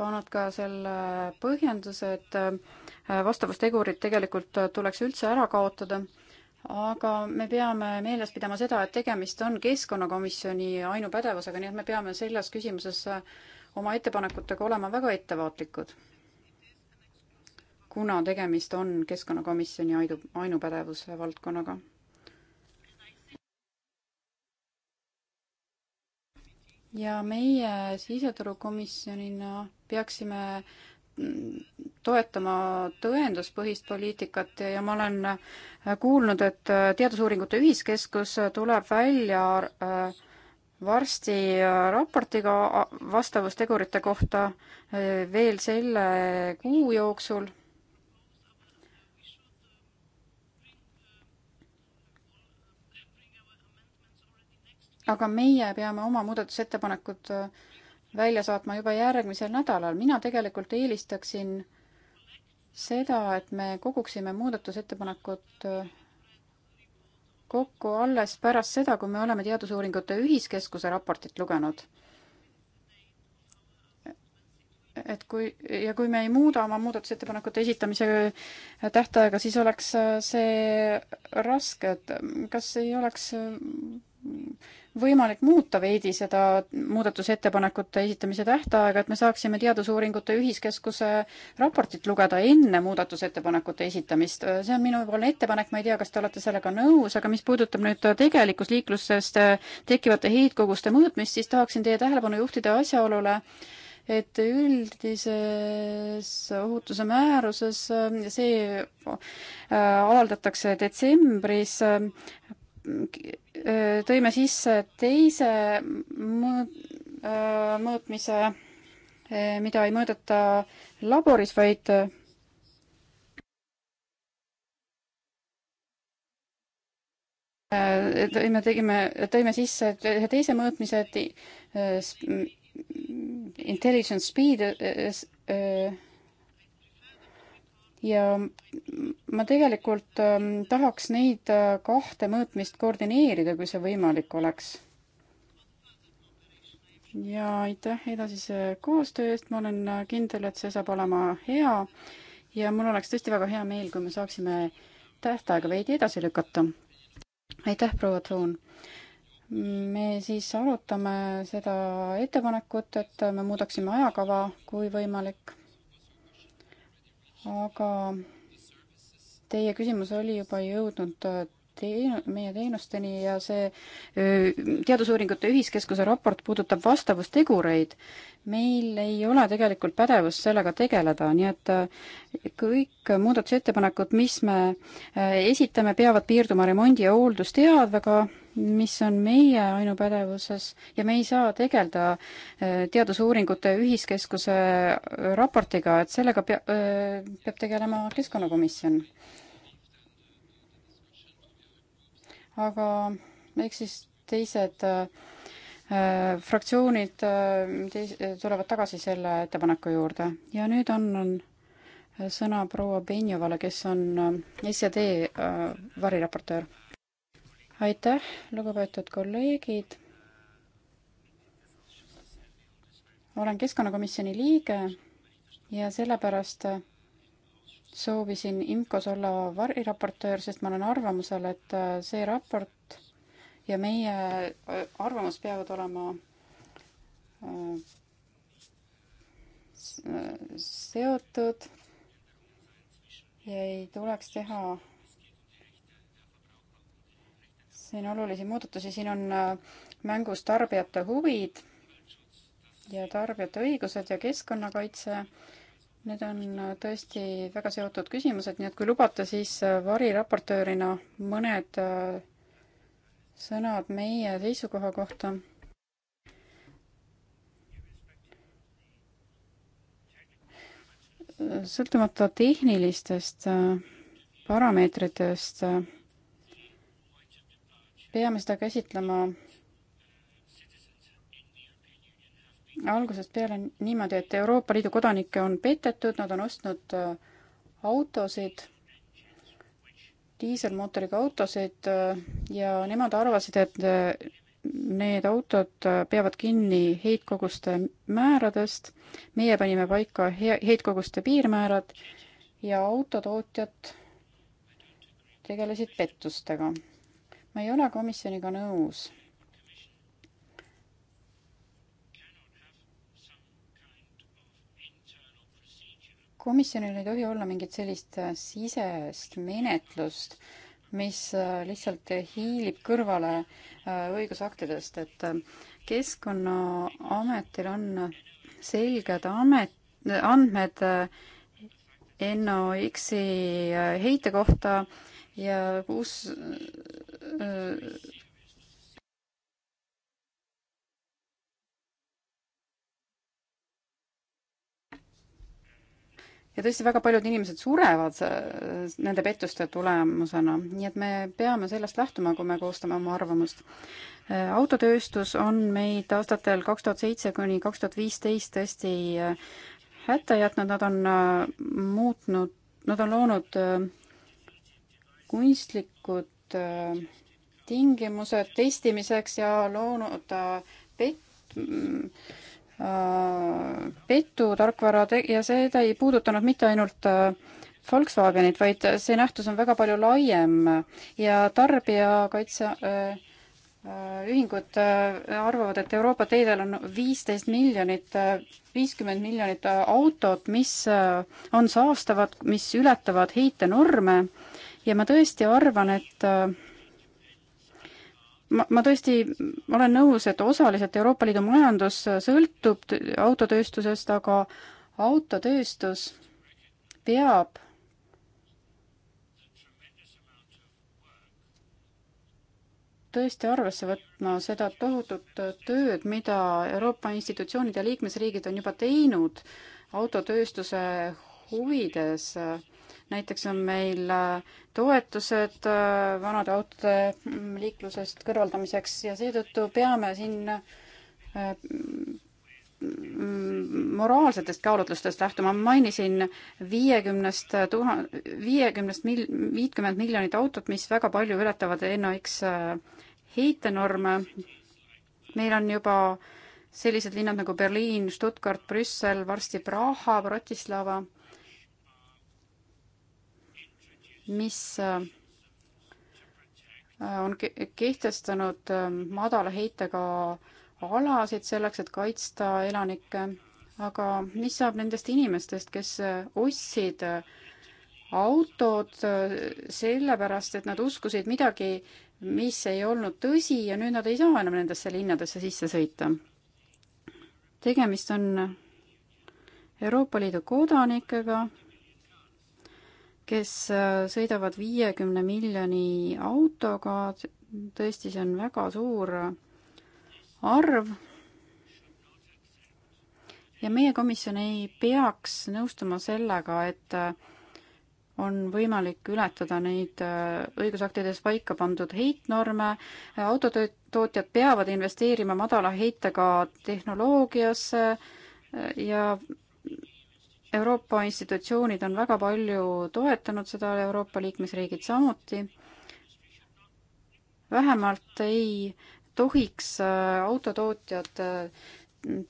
pannud ka selle põhjenduse, et vastavustegurid tegelikult tuleks üldse ära kaotada aga me peame meeles pidama seda, et tegemist on Keskkonnakomisjoni ainupädevusega, nii et me peame selles küsimuses oma ettepanekutega olema väga ettevaatlikud. kuna tegemist on Keskkonnakomisjoni aidu, ainupädevuse valdkonnaga. ja meie siseturukomisjonina peaksime toetama tõenduspõhist poliitikat ja ma olen kuulnud, et Teadusuuringute Ühiskeskus tuleb välja äh, varsti äh, raportiga äh, vastavustegurite kohta veel selle kuu jooksul aga meie peame oma muudatusettepanekud välja saatma juba järgmisel nädalal. mina tegelikult eelistaksin seda, et me koguksime muudatusettepanekud äh, kokku alles pärast seda, kui me oleme Teadusuuringute Ühiskeskuse raportit lugenud. et kui ja kui me ei muuda oma muudatusettepanekute esitamise tähtaega, siis oleks äh, see raske, et kas ei oleks äh, võimalik muuta veidi seda muudatusettepanekute esitamise tähtaega, et me saaksime Teadusuuringute Ühiskeskuse raportit lugeda enne muudatusettepanekute esitamist. see on minupoolne ettepanek, ma ei tea, kas te olete sellega nõus, aga mis puudutab nüüd tegelikus liiklusest tekkivate heitkoguste mõõtmist, siis tahaksin teie tähelepanu juhtida asjaolule, et üldises ohutuse määruses see avaldatakse detsembris tõime sisse teise äh, mõõtmise, äh, mida ei mõõdeta laboris, vaid äh, tõime, tegime, tõime sisse ühe teise mõõtmise, et intelligent speed ja ma tegelikult ähm, tahaks neid äh, kahte mõõtmist koordineerida, kui see võimalik oleks. ja aitäh edasise koostöö eest, ma olen äh, kindel, et see saab olema hea ja mul oleks tõesti väga hea meel, kui me saaksime tähtaega veidi edasi lükata. aitäh, proua Toon! me siis arutame seda ettepanekut, et me muudaksime ajakava, kui võimalik aga teie küsimus oli juba jõudnud äh, teen-, meie teenusteni ja see Teadusuuringute Ühiskeskuse raport puudutab vastavustegureid. meil ei ole tegelikult pädevust sellega tegeleda, nii et äh, kõik muudatusettepanekud, mis me äh, esitame, peavad piirduma remondi- ja hooldusteadvega, mis on meie ainupädevuses ja me ei saa tegeleda äh, Teadusuuringute Ühiskeskuse raportiga, et sellega pea-, peab tegelema Keskkonnakomisjon aga eks siis teised äh, äh, fraktsioonid äh, teis-, tulevad tagasi selle ettepaneku juurde ja nüüd annan sõna proua Benjovale, kes on SED variraportöör. aitäh, lugupeetud kolleegid. olen keskkonnakomisjoni liige ja sellepärast soovisin IMCO-s olla variraportöör, sest ma olen arvamusel, et äh, see raport ja meie äh, arvamus peavad olema äh, seotud ja ei tuleks teha siin olulisi muudatusi, siin on mängus tarbijate huvid ja tarbijate õigused ja keskkonnakaitse Need on äh, tõesti väga seotud küsimused, nii et kui lubate, siis äh, variraportöörina mõned äh, sõnad meie seisukoha kohta. sõltumata tehnilistest parameetritest peame seda käsitlema algusest peale niimoodi, et Euroopa Liidu kodanikke on petetud, nad on ostnud äh, autosid, diiselmootoriga autosid äh, ja nemad arvasid, et äh, need autod peavad kinni heitkoguste määradest. meie panime paika heitkoguste piirmäärad ja autotootjad tegelesid pettustega. ma ei ole komisjoniga nõus komisjonil ei tohi olla mingit sellist äh, sisest menetlust, mis äh, lihtsalt hiilib kõrvale äh, õigusaktidest, et Keskkonnaametil on selged amet, andmed NOX-i heite kohta ja kus ja tõesti, väga paljud inimesed surevad äh, nende pettuste tulemusena, nii et me peame sellest lähtuma, kui me koostame oma arvamust. Äh, autotööstus on meid aastatel kaks tuhat seitse kuni kaks tuhat viisteist tõesti äh, hätta jätnud, nad on muutnud, nad on loonud kunstlikud tingimused testimiseks ja loonud pett-, Äh, petutarkvara ja see ei puudutanud mitte ainult äh, Volkswagenit, vaid see nähtus on väga palju laiem ja tarbijakaitse äh, äh ühingud arvavad, et Euroopa teedel on viisteist miljonit, viiskümmend miljonit autot, mis on saastavad, mis ületavad heitenorme ja ma tõesti arvan, et ma, ma tõesti olen nõus, et osaliselt Euroopa Liidu majandus sõltub autotööstusest, aga autotööstus peab tõesti arvesse võtma seda tohutut tööd, mida Euroopa institutsioonid ja liikmesriigid on juba teinud autotööstuse huvides äh, näiteks on meil äh, toetused äh, vanade autode mm, liiklusest kõrvaldamiseks ja seetõttu peame siin äh, mm, moraalsetest kaalutlustest lähtuma, ma mainisin viiekümnest tuhan-, viiekümnest mil-, viitkümmend miljonit autot, mis väga palju ületavad NOx heitenorme. meil on juba sellised linnad nagu Berliin, Stuttgart, Brüssel, varsti Praha, Bratislava mis äh, on kehtestanud äh, madala heitega alasid selleks, et kaitsta elanikke, aga mis saab nendest inimestest, kes äh, ostsid autod sellepärast, et nad uskusid midagi, mis ei olnud tõsi ja nüüd nad ei saa enam nendesse linnadesse sisse sõita. tegemist on Euroopa Liidu kodanikega, kes äh, sõidavad viiekümne miljoni autoga, tõesti, see on väga suur arv. ja meie komisjon ei peaks nõustuma sellega, et äh, on võimalik ületada neid äh, õigusaktides paika pandud heitnorme, autotootjad peavad investeerima madala heitega tehnoloogiasse ja Euroopa institutsioonid on väga palju toetanud seda, Euroopa liikmesriigid samuti. vähemalt ei tohiks äh, autotootjad äh,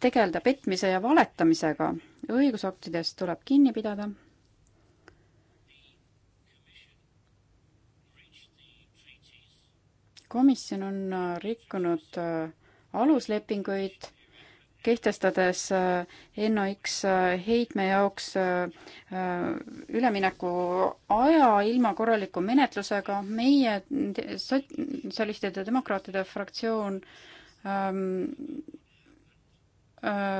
tegeleda petmise ja valetamisega. õigusaktidest tuleb kinni pidada. komisjon on äh, rikkunud aluslepinguid kehtestades äh, NOx äh, heitme jaoks äh, ülemineku aja ilma korraliku menetlusega. meie sotsialistide ja demokraatide fraktsioon ähm,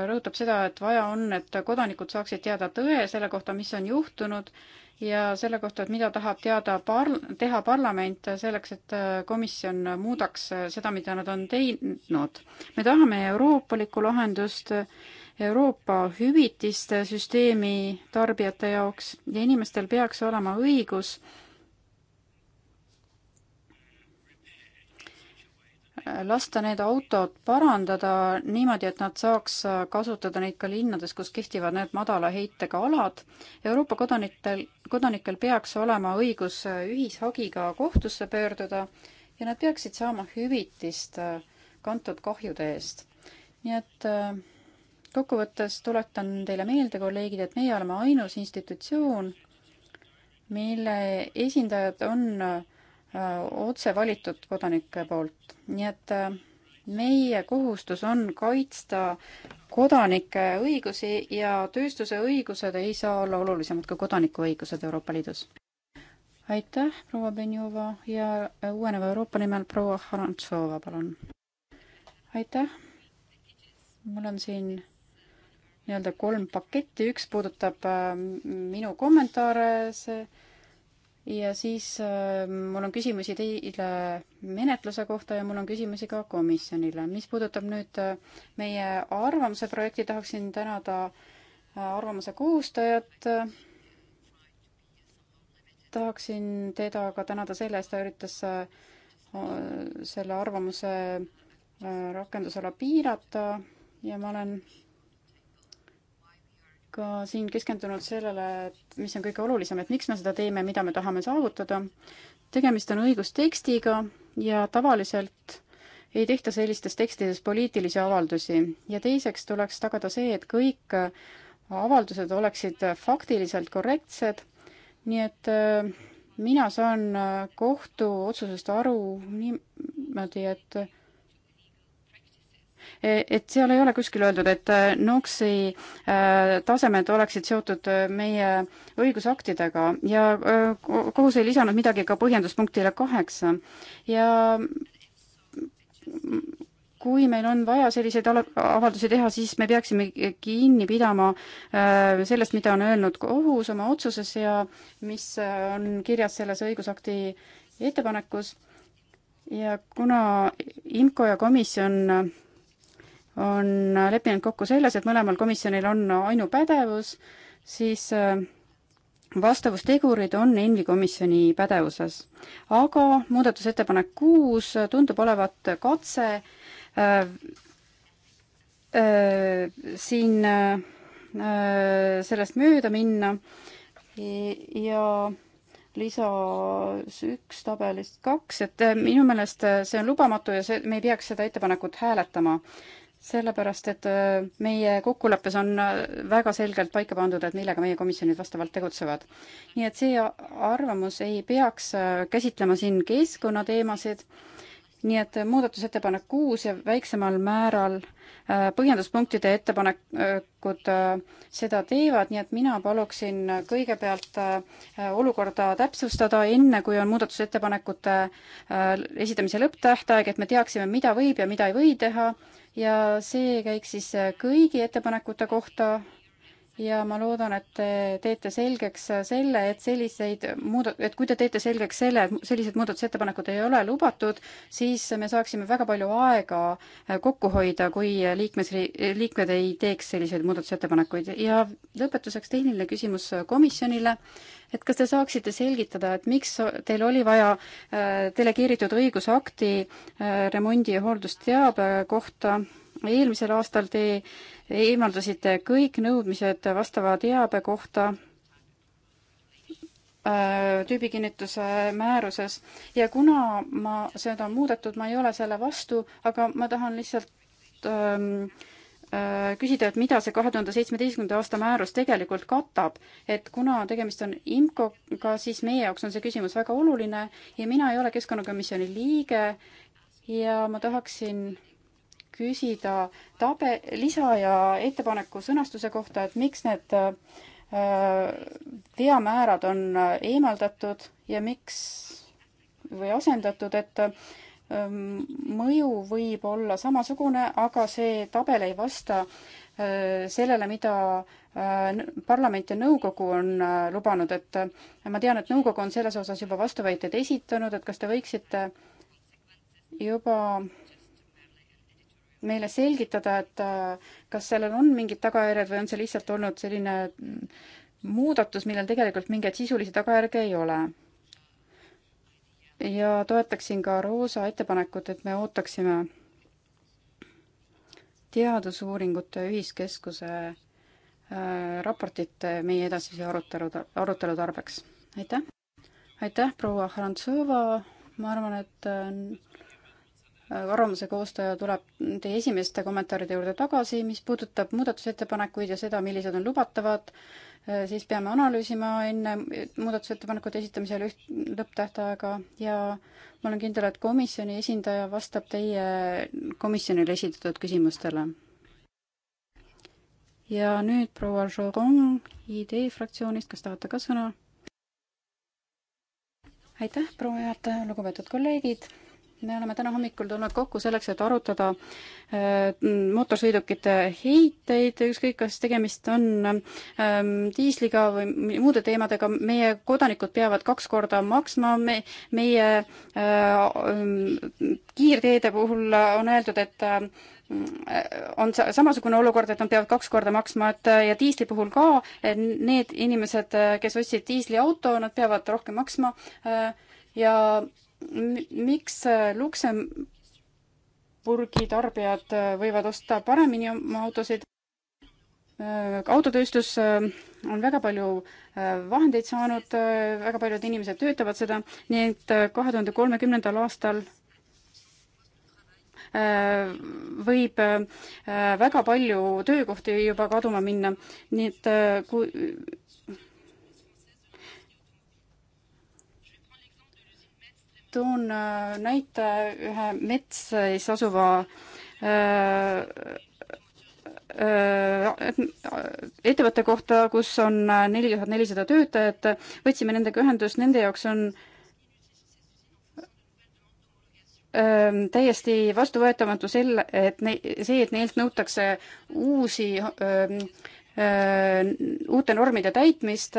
rõhutab seda, et vaja on, et kodanikud saaksid teada tõe selle kohta, mis on juhtunud ja selle kohta, et mida tahab teada par-, teha parlament selleks, et äh, komisjon muudaks äh, seda, mida nad on teinud. me tahame euroopalikku lahendust, Euroopa hüvitiste süsteemi tarbijate jaoks ja inimestel peaks olema õigus äh, lasta need autod parandada niimoodi, et nad saaks kasutada neid ka linnades, kus kehtivad need madala heitega alad. Euroopa kodanikel, kodanikel peaks olema õigus ühishagiga kohtusse pöörduda ja nad peaksid saama hüvitist äh, kantud kahjude eest. nii et äh, kokkuvõttes tuletan teile meelde, kolleegid, et meie oleme ainus institutsioon, mille esindajad on äh, Äh, otse valitud kodanike poolt. nii et äh, meie kohustus on kaitsta kodanike õigusi ja tööstuse õigused ei saa olla olulisemad kui kodanikuõigused Euroopa Liidus. aitäh, proua Benjova ja uueneva Euroopa nimel proua Harantsova, palun. aitäh. mul on siin nii-öelda kolm paketti, üks puudutab äh, minu kommentaare, see ja siis äh, mul on küsimusi teile menetluse kohta ja mul on küsimusi ka komisjonile. mis puudutab nüüd äh, meie arvamuse projekti, tahaksin tänada äh, arvamuse koostajat äh,. tahaksin teda ka tänada selle eest, ta üritas äh, selle arvamuse äh, rakendusala piirata ja ma olen ka siin keskendunud sellele, et mis on kõige olulisem, et miks me seda teeme, mida me tahame saavutada. tegemist on õigustekstiga ja tavaliselt ei tehta sellistes tekstides poliitilisi avaldusi ja teiseks tuleks tagada see, et kõik avaldused oleksid faktiliselt korrektsed, nii et äh, mina saan äh, kohtuotsusest aru niimoodi, et E, et seal ei ole kuskil öeldud, et äh, NOX-i äh, tasemed oleksid seotud äh, meie õigusaktidega ja kohus ei lisanud midagi ka põhjenduspunktile kaheksa ja kui meil on vaja selliseid avaldusi teha, siis me peaksime kinni pidama sellest, mida on öelnud kohus oma otsuses ja mis on kirjas selles õigusakti ettepanekus. ja kuna IMCO ja komisjon on leppinud kokku selles, et mõlemal komisjonil on ainupädevus, siis äh, vastavustegurid on ENVI komisjoni pädevuses. aga muudatusettepanek kuus tundub olevat katse äh, äh, siin äh, sellest mööda minna ja lisas üks tabelist kaks, et äh, minu meelest äh, see on lubamatu ja see, me ei peaks seda ettepanekut hääletama sellepärast, et äh, meie kokkuleppes on äh, väga selgelt paika pandud, et millega meie komisjonid vastavalt tegutsevad. nii et see arvamus ei peaks äh, käsitlema siin keskkonnateemasid, nii et muudatusettepanek kuus ja väiksemal määral Äh, põhjenduspunktide ettepanekud äh, äh, seda teevad, nii et mina paluksin kõigepealt olukorda täpsustada, enne kui on muudatusettepanekute esitamise lõpptähtaeg, et me teaksime, mida võib ja mida ei või teha ja see käiks siis kõigi ettepanekute kohta ja ma loodan, et te teete selgeks selle, et selliseid muud-, et kui te teete selgeks selle, et sellised muudatusettepanekud ei ole lubatud, siis me saaksime väga palju aega eh, kokku hoida, kui liikmesri-, liikmed ei teeks selliseid muudatusettepanekuid. ja lõpetuseks tehniline küsimus komisjonile, et kas te saaksite selgitada, et miks teil oli vaja eh, delegeeritud õigusakti eh, remondi- ja hooldusteabe kohta, eelmisel aastal te eemaldasite kõik nõudmised vastava teabe kohta äh, tüübikinnituse määruses ja kuna ma, seda on muudetud, ma ei ole selle vastu, aga ma tahan lihtsalt ähm, äh, küsida, et mida see kahe tuhande seitsmeteistkümnenda aasta määrus tegelikult katab, et kuna tegemist on IMCO-ga, siis meie jaoks on see küsimus väga oluline ja mina ei ole keskkonnakomisjoni liige ja ma tahaksin küsida tabe-, lisa ja ettepaneku sõnastuse kohta, et miks need äh, veamäärad on äh, eemaldatud ja miks või asendatud, et ähm, mõju võib olla samasugune, aga see tabel ei vasta äh, sellele, mida parlament ja nõukogu on lubanud, et ma tean, et nõukogu on selles osas juba vastuväited esitanud, et kas te võiksite juba meile selgitada, et äh, kas sellel on mingid tagajärjed või on see lihtsalt olnud selline mm, muudatus, millel tegelikult mingeid sisulisi tagajärgi ei ole? ja toetaksin ka Roosa ettepanekut, et me ootaksime teadusuuringute ühiskeskuse äh, raportit meie edasise arutelu, arutelu tarbeks. aitäh! aitäh, proua Hrantsova, ma arvan, et äh, Äh, arvamuse koostaja tuleb teie esimeste kommentaaride juurde tagasi, mis puudutab muudatusettepanekuid ja seda, millised on lubatavad, äh, siis peame analüüsima enne muudatusettepanekute esitamisel üht lõpptähtaega ja ma olen kindel, et komisjoni esindaja vastab teie komisjonile esitatud küsimustele. ja nüüd proua Joron ID fraktsioonist, kas tahate ka sõna? aitäh, proua juhataja, lugupeetud kolleegid me oleme täna hommikul tulnud kokku selleks, et arutada äh, mootorsõidukite heiteid, ükskõik, kas tegemist on ähm, diisliga või muude teemadega, meie kodanikud peavad kaks korda maksma, me, meie äh, kiirteede puhul on öeldud, et äh, on samasugune olukord, et nad peavad kaks korda maksma, et ja diisli puhul ka, need inimesed, kes ostsid diisliauto, nad peavad rohkem maksma ja miks äh, Luksemburgi tarbijad äh, võivad osta paremini oma autosid? Äh, autotööstus on väga palju vahendeid saanud, väga paljud inimesed töötavad seda, nii et kahe tuhande kolmekümnendal aastal võib väga palju töökohti juba kaduma minna, nii et kui toon äh, näite ühe metsis asuva äh, äh, ettevõtte kohta, kus on neli tuhat nelisada töötajat, võtsime nendega ühendust, nende jaoks on ähm, täiesti vastuvõetamatu selle, et ne-, see, et neilt nõutakse uusi öö, ähm, Äh, uute normide täitmist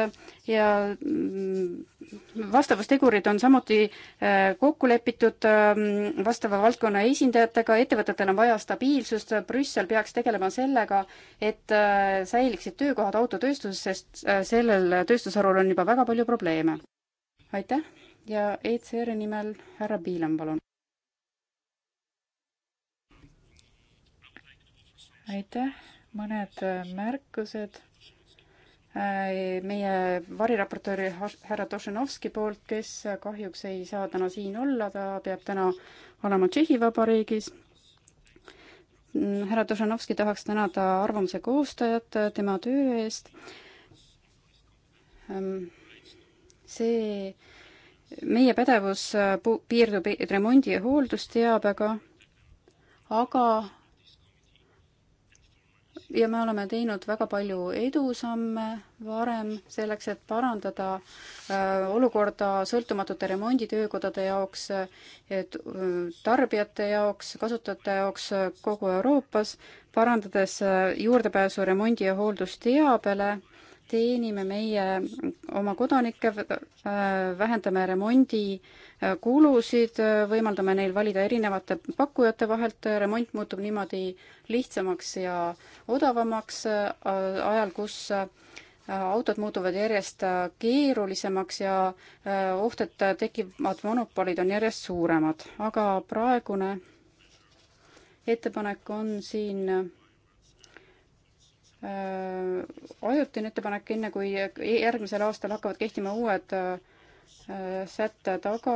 ja mm, vastavustegurid on samuti äh, kokku lepitud ähm, vastava valdkonna esindajatega, ettevõtetel on vaja stabiilsust, Brüssel peaks tegelema sellega, et äh, säiliksid töökohad autotööstuses, sest sellel tööstusharul on juba väga palju probleeme. aitäh ja ECR-i nimel härra Piilam, palun. aitäh mõned äh, märkused äh, meie variraportööri härra Tošenovski poolt, kes äh, kahjuks ei saa täna siin olla, ta peab täna olema Tšehhi Vabariigis. Mm, härra Tošenovski tahaks tänada arvamuse koostajat tema töö eest. Ähm, see, meie pädevus piirdub remondi ja hooldusteabega, aga ja me oleme teinud väga palju edusamme varem selleks, et parandada äh, olukorda sõltumatute remonditöökodade jaoks, et äh, tarbijate jaoks, kasutajate jaoks äh, kogu Euroopas, parandades juurdepääsu remondi- ja hooldusteabele teenime meie oma kodanikke, äh, vähendame remondikulusid, äh, äh, võimaldame neil valida erinevate pakkujate vahelt, remont muutub niimoodi lihtsamaks ja odavamaks ajal, kus autod muutuvad järjest keerulisemaks ja oht, et tekivad monopolid, on järjest suuremad, aga praegune ettepanek on siin Äh, ajutine ettepanek, enne kui järgmisel aastal hakkavad kehtima uued äh, sätted, aga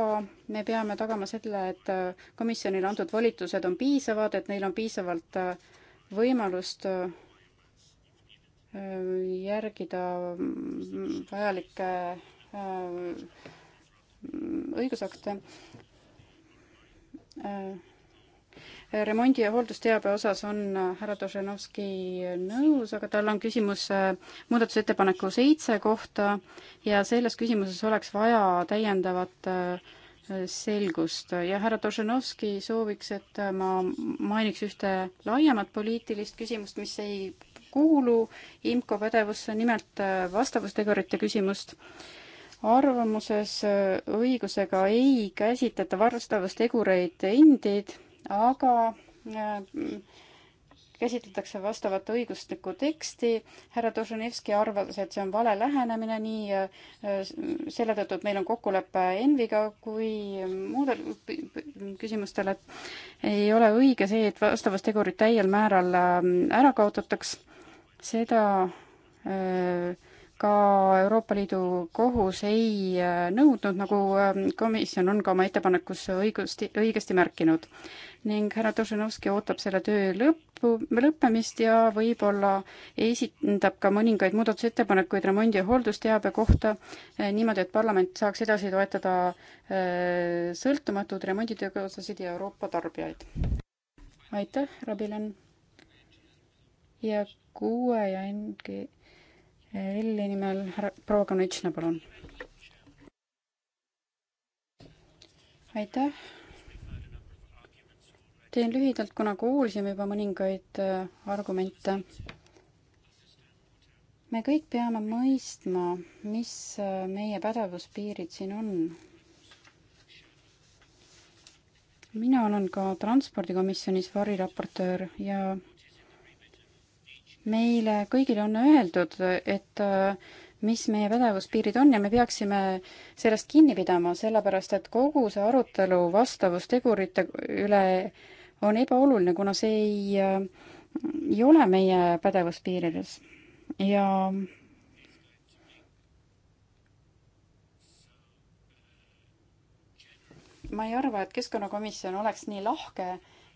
me peame tagama selle, et äh, komisjonile antud volitused on piisavad, et neil on piisavalt võimalust järgida mm, vajalikke õigusakte remondi- ja hooldusteabe osas on äh, härra Doženovski nõus, aga tal on küsimus äh, muudatusettepaneku seitse kohta ja selles küsimuses oleks vaja täiendavat äh, selgust ja härra Doženovski sooviks, et ma mainiks ühte laiemat poliitilist küsimust, mis ei kuulu IMCO pädevusse, nimelt vastavustegurit ja küsimust arvamuses õigusega ei käsitleta vastavustegureid endid aga äh, käsitletakse vastavat õiguslikku teksti. härra Dožanevski arvas, et see on vale lähenemine nii äh, selle tõttu, et meil on kokkulepe Enviga kui muudel küsimustel, et ei ole õige see, et vastavustegurid täiel määral äh, ära kaotataks. seda ka Euroopa Liidu kohus ei nõudnud, nagu komisjon on ka oma ettepanekus õigust, õigesti märkinud ning härra Tošenovski ootab selle töö lõppu, lõppemist ja võib-olla esindab ka mõningaid muudatusettepanekuid remondi- ja hooldusteabe kohta eh, niimoodi, et parlament saaks edasi toetada eh, sõltumatud remonditöökohasid ja Euroopa tarbijaid. aitäh, Rabilen! ja kuue ja NG Elli nimel härra proua Konitšna, palun! aitäh! teen lühidalt, kuna kuulsime juba mõningaid äh, argumente. me kõik peame mõistma, mis äh, meie pädevuspiirid siin on. mina olen ka transpordikomisjonis variraportöör ja meile kõigile on öeldud, et äh, mis meie pädevuspiirid on ja me peaksime sellest kinni pidama, sellepärast et kogu see arutelu vastavustegurite üle on ebaoluline, kuna see ei, äh, ei ole meie pädevuspiirides ja ma ei arva, et Keskkonnakomisjon oleks nii lahke,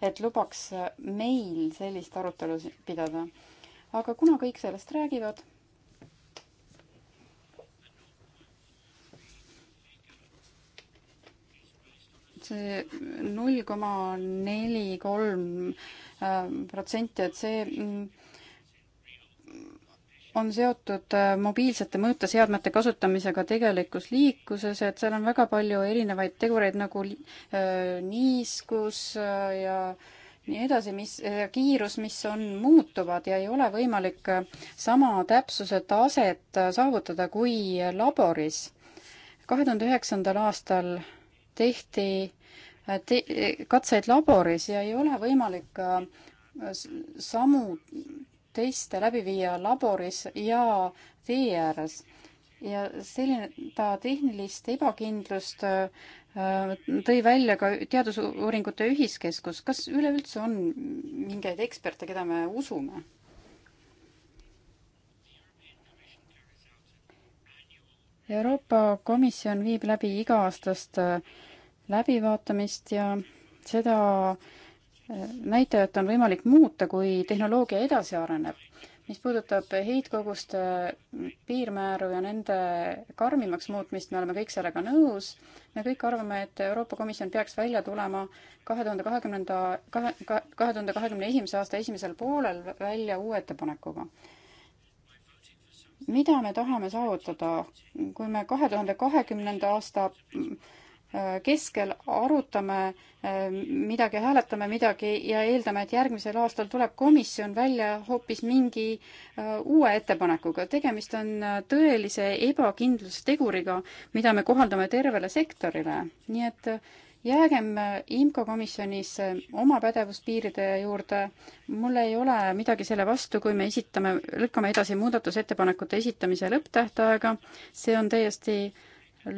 et lubaks meil sellist arutelu pidada. aga kuna kõik sellest räägivad see null koma neli kolm äh, protsenti, et see mm, on seotud äh, mobiilsete mõõteseadmete kasutamisega tegelikus liikluses, et seal on väga palju erinevaid tegureid nagu äh, niiskus ja nii edasi, mis, kiirus, mis on muutuvad ja ei ole võimalik sama täpsuse taset saavutada kui laboris. kahe tuhande üheksandal aastal tehti äh, te katseid laboris ja ei ole võimalik äh, samu teste läbi viia laboris ja tee ääres. ja selline ta tehnilist ebakindlust äh, tõi välja ka Teadusuuringute Ühiskeskus. kas üleüldse on mingeid eksperte, keda me usume? Euroopa Komisjon viib läbi iga-aastast äh, läbivaatamist ja seda äh, näitajat on võimalik muuta, kui tehnoloogia edasi areneb. mis puudutab heitkoguste äh, piirmääru ja nende karmimaks muutmist, me oleme kõik sellega nõus. me kõik arvame, et Euroopa Komisjon peaks välja tulema kahe tuhande kahekümnenda, kahe, kahe tuhande kahekümne esimese aasta esimesel poolel välja uue ettepanekuga mida me tahame saavutada, kui me kahe tuhande kahekümnenda aasta äh, keskel arutame äh, midagi, hääletame midagi ja eeldame, et järgmisel aastal tuleb komisjon välja hoopis mingi äh, uue ettepanekuga. tegemist on tõelise ebakindlusteguriga, mida me kohaldame tervele sektorile. nii et jäägem äh, IMCO komisjonis äh, oma pädevuspiiride juurde. mul ei ole midagi selle vastu, kui me esitame, lükkame edasi muudatusettepanekute esitamise lõpptähtaega. see on täiesti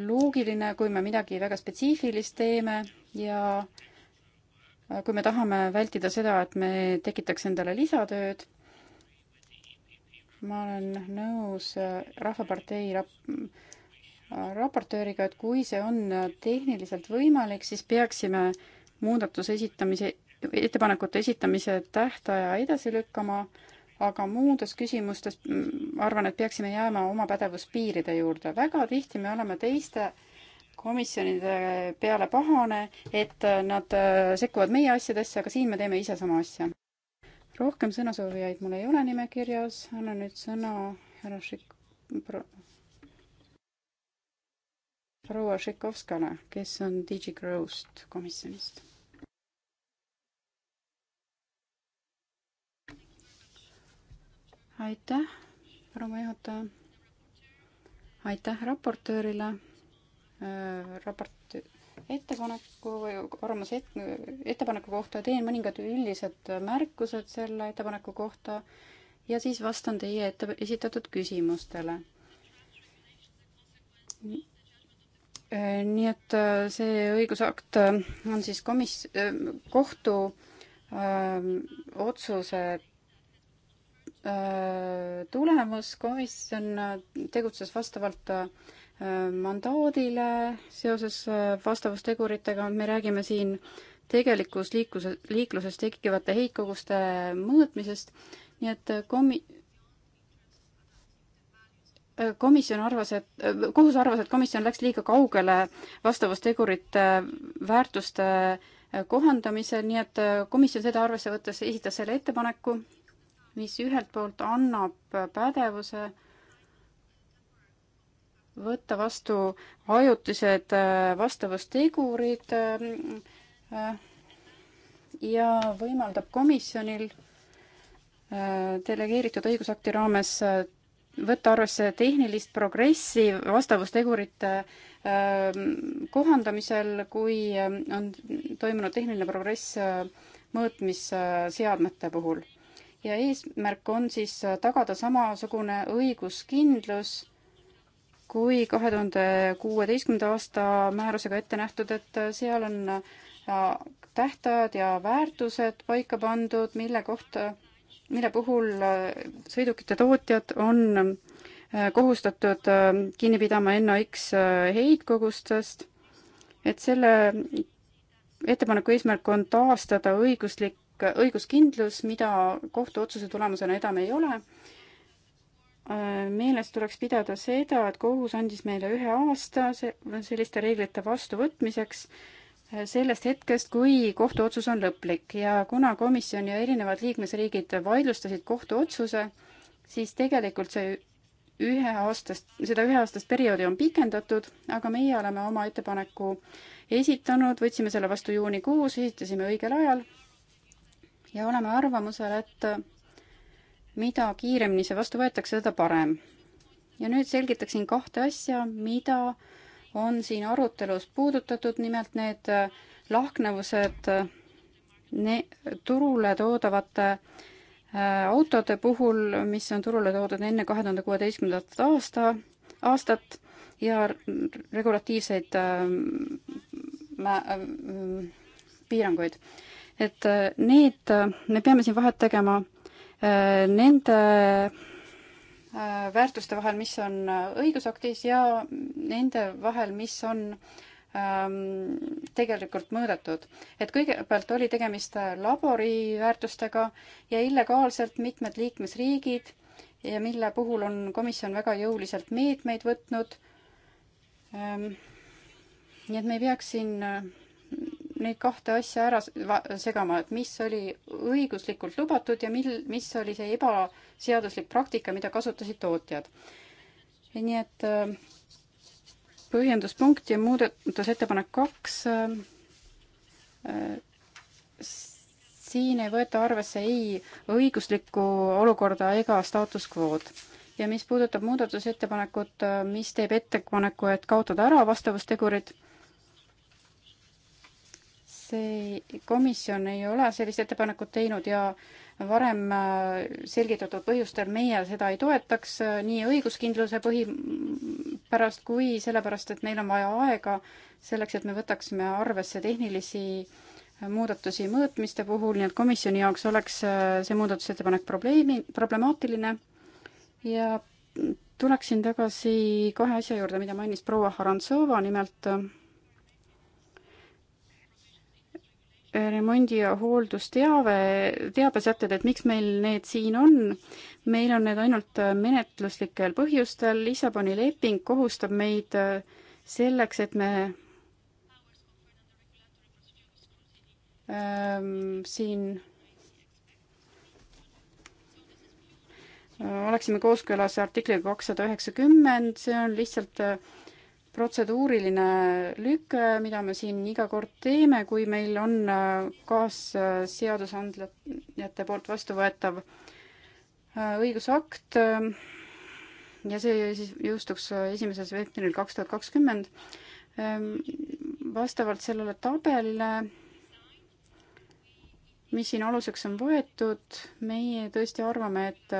loogiline, kui me midagi väga spetsiifilist teeme ja äh, kui me tahame vältida seda, et me tekitaks endale lisatööd, ma olen nõus Rahvapartei rap-, raportööriga, et kui see on tehniliselt võimalik, siis peaksime muudatuse esitamise, ettepanekute esitamise tähtaja edasi lükkama, aga muudes küsimustes mm, arvan, et peaksime jääma oma pädevuspiiride juurde. väga tihti me oleme teiste komisjonide peale pahane, et nad äh, sekkuvad meie asjadesse, aga siin me teeme ise sama asja. rohkem sõnasoovijaid mul ei ole nimekirjas, annan nüüd sõna härra Šik-, proua Šekovskale, kes on DG Growst komisjonist. aitäh, proua juhataja. aitäh raportöörile äh,, raporti ettepaneku või arvamuse et, ettepaneku kohta, teen mõningad üldised märkused selle ettepaneku kohta ja siis vastan teie ette esitatud küsimustele Äh, nii et äh, see õigusakt äh, on siis komis-, kohtu öö, otsuse öö, tulemus, komisjon tegutses vastavalt öö, mandaadile seoses vastavusteguritega, me räägime siin tegelikus liikluse, liikluses tekkivate heitkoguste mõõtmisest, nii et komi-, komisjon arvas, et, kohus arvas, et komisjon läks liiga kaugele vastavustegurite äh, väärtuste äh, kohandamisel, nii et äh, komisjon seda arvesse võttes esitas selle ettepaneku, mis ühelt poolt annab pädevuse võtta vastu ajutised vastavustegurid ja võimaldab komisjonil delegeeritud õigusakti raames võtta arvesse tehnilist progressi vastavustegurite ähm, kohandamisel, kui ähm, on toimunud tehniline progress äh, mõõtmisseadmete puhul. ja eesmärk on siis äh, tagada samasugune õiguskindlus kui kahe tuhande kuueteistkümnenda aasta määrusega ette nähtud, et äh, seal on tähtajad ja väärtused paika pandud, mille kohta mille puhul äh, sõidukite tootjad on äh, kohustatud äh, kinni pidama NOx heitkogustest, et selle ettepaneku eesmärk on taastada õiguslik, õiguskindlus, mida kohtuotsuse tulemusena enam ei ole. meeles tuleks pidada seda, et kohus andis meile ühe aasta selliste reeglite vastuvõtmiseks sellest hetkest, kui kohtuotsus on lõplik ja kuna komisjon ja erinevad liikmesriigid vaidlustasid kohtuotsuse, siis tegelikult see üheaastast, seda üheaastast perioodi on pikendatud, aga meie oleme oma ettepaneku esitanud, võtsime selle vastu juunikuus, esitasime õigel ajal ja oleme arvamusel, et mida kiiremini see vastu võetakse, seda parem. ja nüüd selgitaksin kahte asja, mida äh, on siin arutelus puudutatud, nimelt need äh, lahknevused äh, ne, turule toodavate äh, autode puhul, mis on turule toodud enne kahe tuhande kuueteistkümnendat aasta, aastat ja regulatiivseid äh, piiranguid. et need, me peame siin vahet tegema äh, nende äh, Äh, väärtuste vahel, mis on äh, õigusaktis ja nende vahel, mis on ähm, tegelikult mõõdetud. et kõigepealt oli tegemist äh, labori väärtustega ja illegaalselt mitmed liikmesriigid ja mille puhul on komisjon väga jõuliselt meetmeid võtnud. Ähm, nii et me ei peaks siin neid kahte asja ära segama, et mis oli õiguslikult lubatud ja mil, mis oli see ebaseaduslik praktika, mida kasutasid tootjad. nii et äh, põhjenduspunkt ja muudatusettepanek kaks. Äh, äh, siin ei võeta arvesse ei õiguslikku olukorda ega staatus quo'd ja mis puudutab muudatusettepanekut, mis teeb ettepaneku, et kaotada ära vastavustegurid see komisjon ei ole sellist ettepanekut teinud ja varem äh, selgitatud põhjustel meie seda ei toetaks äh, nii õiguskindluse põhi pärast kui sellepärast, et meil on vaja aega selleks, et me võtaksime arvesse tehnilisi äh, muudatusi mõõtmiste puhul, nii et komisjoni jaoks oleks see muudatusettepanek probleemi, problemaatiline ja tuleksin tagasi kahe asja juurde, mida mainis proua Harantsova, nimelt remondi- ja hooldusteave, teabesätted, et miks meil need siin on. meil on need ainult äh, menetluslikel põhjustel, Lissaboni leping kohustab meid äh, selleks, et me ähm, siin äh, oleksime kooskõlas artikliga kakssada üheksakümmend, see on lihtsalt äh, protseduuriline lüke, mida me siin iga kord teeme, kui meil on äh, kaasseadusandjate poolt vastuvõetav äh, õigusakt äh, ja see siis jõustuks esimeses veebruaril kaks tuhat kakskümmend. Ähm, vastavalt sellele tabelile, mis siin aluseks on võetud, meie tõesti arvame, et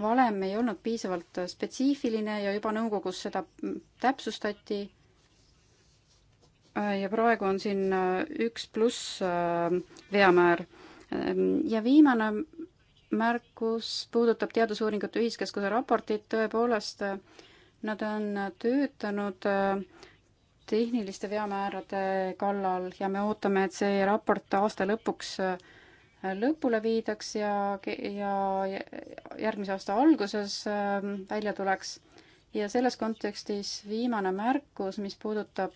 valem ei olnud piisavalt spetsiifiline ja juba nõukogus seda täpsustati. ja praegu on siin üks pluss äh, veamäär. Ähm, ja viimane märkus puudutab Teadusuuringute Ühiskeskuse raportit, tõepoolest äh, nad on töötanud äh, tehniliste veamäärade kallal ja me ootame, et see raport aasta lõpuks äh, lõpule viidaks ja, ja järgmise aasta alguses ähm, välja tuleks. ja selles kontekstis viimane märkus, mis puudutab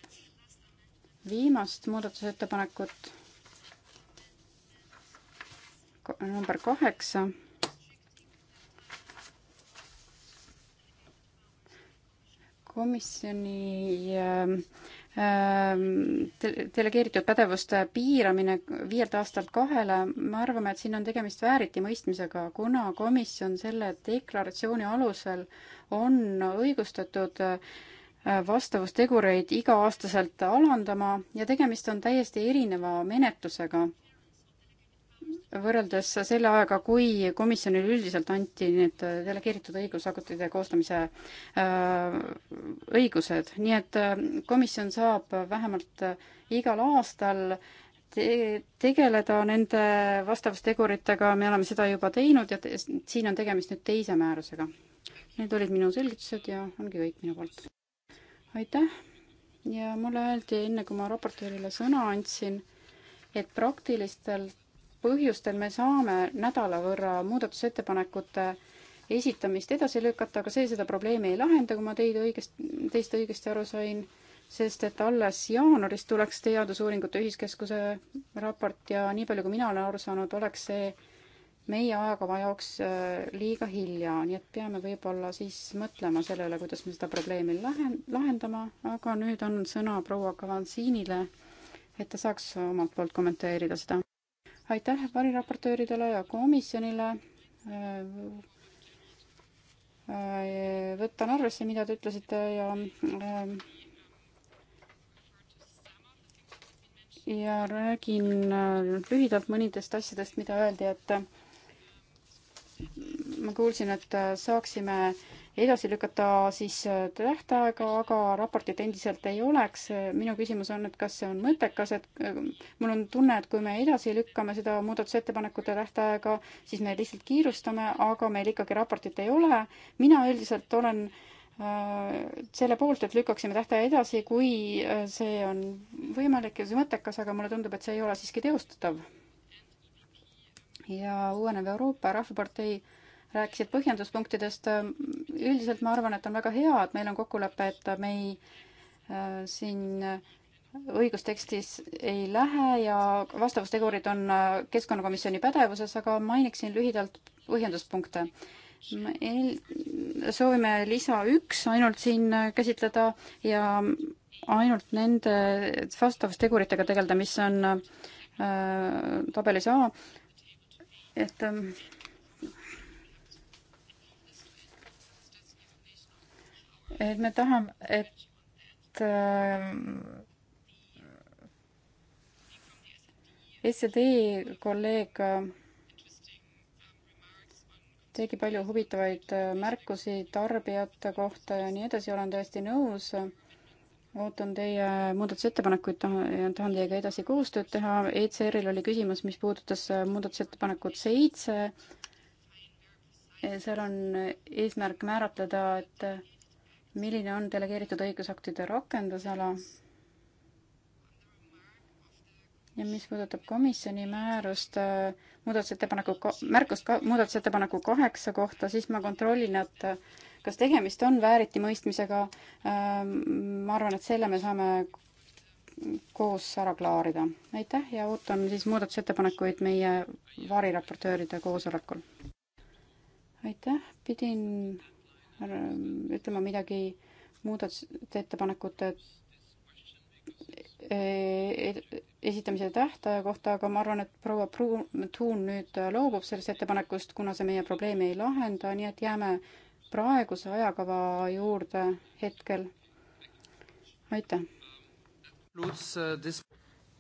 viimast muudatusettepanekut, number kaheksa. komisjoni äh, Ehm, delegeeritud pädevuste piiramine viielt aastalt kahele, me arvame, et siin on tegemist vääritimõistmisega, kuna komisjon selle deklaratsiooni alusel on õigustatud äh, vastavustegureid iga-aastaselt alandama ja tegemist on täiesti erineva menetlusega võrreldes selle ajaga, kui komisjonile üldiselt anti need delegeeritud õigusaktide koostamise äh, õigused, nii et äh, komisjon saab vähemalt äh, igal aastal te-, tegeleda nende vastavusteguritega, me oleme seda juba teinud ja te-, siin on tegemist nüüd teise määrusega. Need olid minu selgitused ja ongi kõik minu poolt. aitäh ja mulle öeldi enne, kui ma raportöörile sõna andsin, et praktilistelt põhjustel me saame nädala võrra muudatusettepanekute esitamist edasi lükata, aga see seda probleemi ei lahenda, kui ma teid õigest, teist õigesti aru sain, sest et alles jaanuaris tuleks Teadusuuringute Ühiskeskuse raport ja nii palju, kui mina olen aru saanud, oleks see meie ajakava jaoks äh, liiga hilja, nii et peame võib-olla siis mõtlema selle üle, kuidas me seda probleemi lahen-, lahendama, aga nüüd on sõna proua Kavansiinile, et ta saaks omalt poolt kommenteerida seda aitäh variraportööridele ja komisjonile. Äh, võtan arvesse, mida te ütlesite ja äh, ja räägin äh, lühidalt mõnidest asjadest, mida öeldi, et ma kuulsin, et saaksime äh, edasi lükata siis äh, tähtaega, aga raportit endiselt ei oleks. minu küsimus on, et kas see on mõttekas, et äh, mul on tunne, et kui me edasi lükkame seda muudatusettepanekute tähtaega, siis me lihtsalt kiirustame, aga meil ikkagi raportit ei ole. mina üldiselt olen äh, selle poolt, et lükkaksime tähtaja edasi, kui see on võimalik ja see mõttekas, aga mulle tundub, et see ei ole siiski teostatav. ja uuenev Euroopa Rahvapartei rääkisid põhjenduspunktidest. üldiselt ma arvan, et on väga hea, et meil on kokkulepe, et me ei äh, siin õigustekstis ei lähe ja vastavustegurid on äh, Keskkonnakomisjoni pädevuses, aga mainiksin lühidalt põhjenduspunkte. soovime lisa üks ainult siin äh, käsitleda ja ainult nende vastavusteguritega tegeleda, mis on äh, tabelis A. et äh, et me tahame, et äh, SED kolleeg äh, tegi palju huvitavaid äh, märkusi tarbijate kohta ja nii edasi, olen täiesti nõus. ootan teie muudatusettepanekuid, tahan, tahan teiega edasi koostööd teha. ECR-il oli küsimus, mis puudutas äh, muudatusettepanekut seitse. seal on eesmärk määratleda, et milline on delegeeritud õigusaktide rakendusala ja mis puudutab komisjoni määrust äh, muudatusettepaneku, märkust ka, muudatusettepaneku kaheksa kohta, siis ma kontrollin, et äh, kas tegemist on vääritimõistmisega. Ähm, ma arvan, et selle me saame koos ära klaarida. aitäh ja ootan siis muudatusettepanekuid meie variraportööride koosolekul. aitäh, pidin ütlema midagi muudatusettepanekute eh, esitamise tähtaja kohta, aga ma arvan, et proua Pruun nüüd loobub sellest ettepanekust, kuna see meie probleemi ei lahenda, nii et jääme praeguse ajakava juurde hetkel. aitäh. Äh,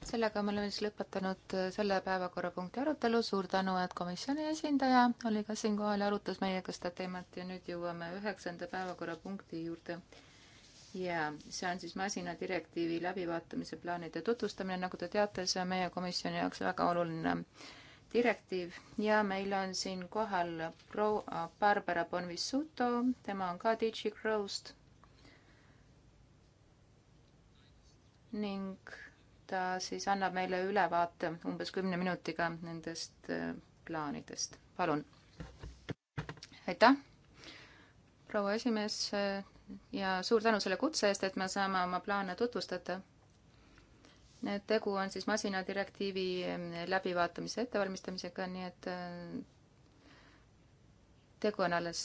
sellega me oleme siis lõpetanud äh, selle päevakorrapunkti arutelu. suur tänu, et komisjoni esindaja oli ka siinkohal ja arutas meiega seda teemat ja nüüd jõuame üheksanda päevakorrapunkti juurde. ja see on siis masinadirektiivi läbivaatamise plaanide tutvustamine. nagu te teate, see on meie komisjoni jaoks väga oluline direktiiv ja meil on siin kohal proua Barbara Bonvisuto, tema on ka DigiGrowst ning ta siis annab meile ülevaate umbes kümne minutiga nendest äh, plaanidest. palun. aitäh, proua esimees äh, ja suur tänu selle kutse eest, et me saame oma plaane tutvustada. Need tegu on siis masinadirektiivi äh, läbivaatamise ettevalmistamisega, nii et tegu on alles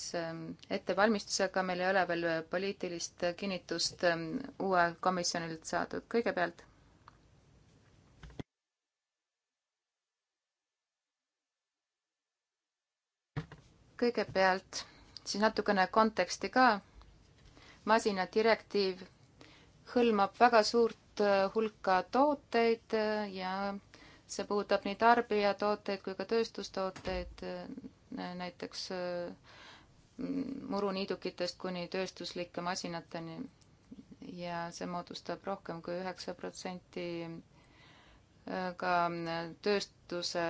ettevalmistusega, meil ei ole veel poliitilist kinnitust uue komisjonilt saadud. kõigepealt kõigepealt siis natukene konteksti ka. masinadirektiiv hõlmab väga suurt äh, hulka tooteid äh, ja see puudutab nii tarbijatooteid kui ka tööstustooteid, äh, näiteks muruniidukitest kuni tööstuslike masinateni. ja see moodustab rohkem kui üheksa protsenti ka tööstuse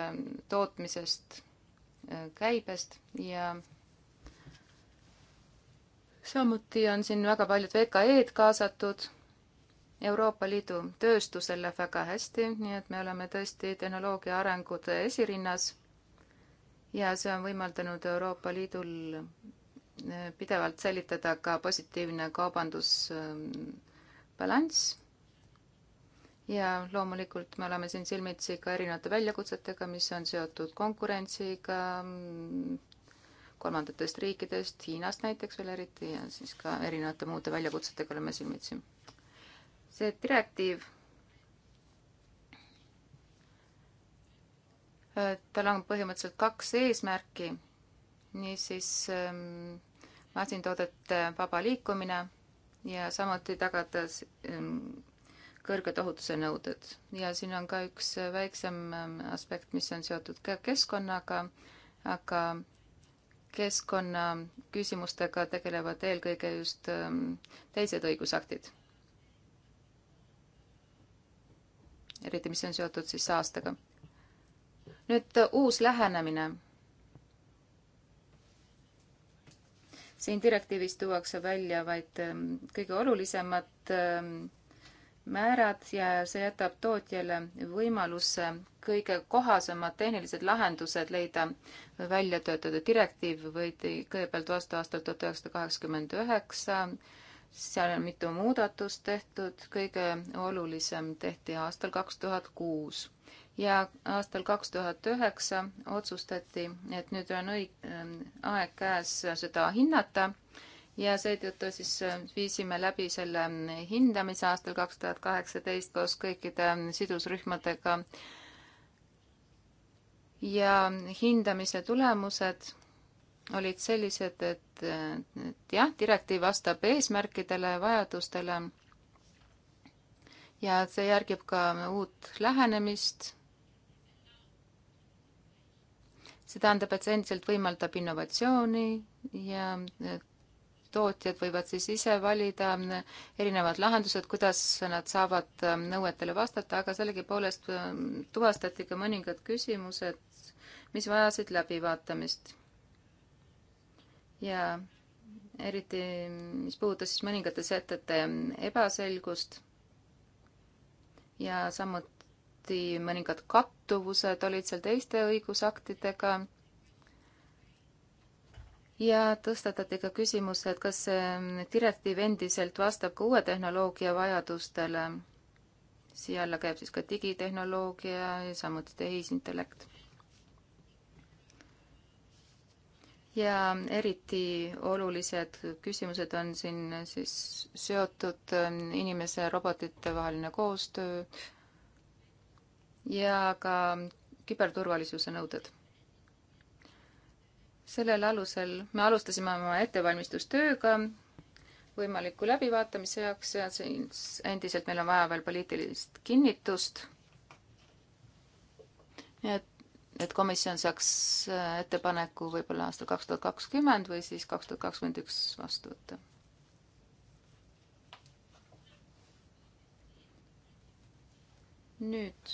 tootmisest käibest ja samuti on siin väga paljud VKE-d kaasatud. Euroopa Liidu tööstusel läheb väga hästi, nii et me oleme tõesti tehnoloogia arengute esirinnas ja see on võimaldanud Euroopa Liidul eh, pidevalt säilitada ka positiivne kaubandusbalanss ja loomulikult me oleme siin silmitsi ka erinevate väljakutsetega, mis on seotud konkurentsiga mm, kolmandatest riikidest, Hiinast näiteks veel eriti ja siis ka erinevate muude väljakutsetega oleme silmitsi. see direktiiv, äh, tal on põhimõtteliselt kaks eesmärki, niisiis ähm, masintoodete vaba liikumine ja samuti tagada ähm, kõrged ohutusenõuded ja siin on ka üks väiksem ähm, aspekt, mis on seotud ka keskkonnaga, aga keskkonnaküsimustega tegelevad eelkõige just ähm, teised õigusaktid. eriti, mis on seotud siis saastega. nüüd äh, uus lähenemine. siin direktiivis tuuakse välja vaid ähm, kõige olulisemad määrad ja see jätab tootjale võimaluse kõige kohasemad tehnilised lahendused leida välja töötada. direktiiv võeti kõigepealt vastu aastal tuhat üheksasada kaheksakümmend üheksa, seal on mitu muudatust tehtud, kõige olulisem tehti aastal kaks tuhat kuus ja aastal kaks tuhat üheksa otsustati, et nüüd on õig-, äh, aeg käes seda hinnata ja seetõttu siis äh, viisime läbi selle ähm, hindamise aastal kaks tuhat kaheksateist koos kõikide ähm, sidusrühmadega. ja hindamise tulemused olid sellised, et, äh, et jah, direktiiv vastab eesmärkidele, vajadustele ja see järgib ka uut lähenemist. see tähendab, et see endiselt võimaldab innovatsiooni ja tootjad võivad siis ise valida mm, erinevad lahendused, kuidas nad saavad mm, nõuetele vastata, aga sellegipoolest mm, tuvastati ka mõningad küsimused, mis vajasid läbivaatamist. ja eriti, mis puudutas siis mõningate sätete ebaselgust ja samuti mõningad kattuvused olid seal teiste õigusaktidega ja tõstatati ka küsimus, et kas see mm, direktiiv endiselt vastab ka uue tehnoloogia vajadustele. siia alla käib siis ka digitehnoloogia ja samuti tehisintellekt. ja eriti olulised küsimused on siin siis seotud mm, inimese ja robotite vaheline koostöö ja ka küberturvalisuse nõuded sellel alusel me alustasime oma ettevalmistustööga võimaliku läbivaatamise jaoks ja siis endiselt meil on vaja veel poliitilist kinnitust. nii et, et komisjon saaks äh, ettepaneku võib-olla aastal kaks tuhat kakskümmend või siis kaks tuhat kakskümmend üks vastu võtta. nüüd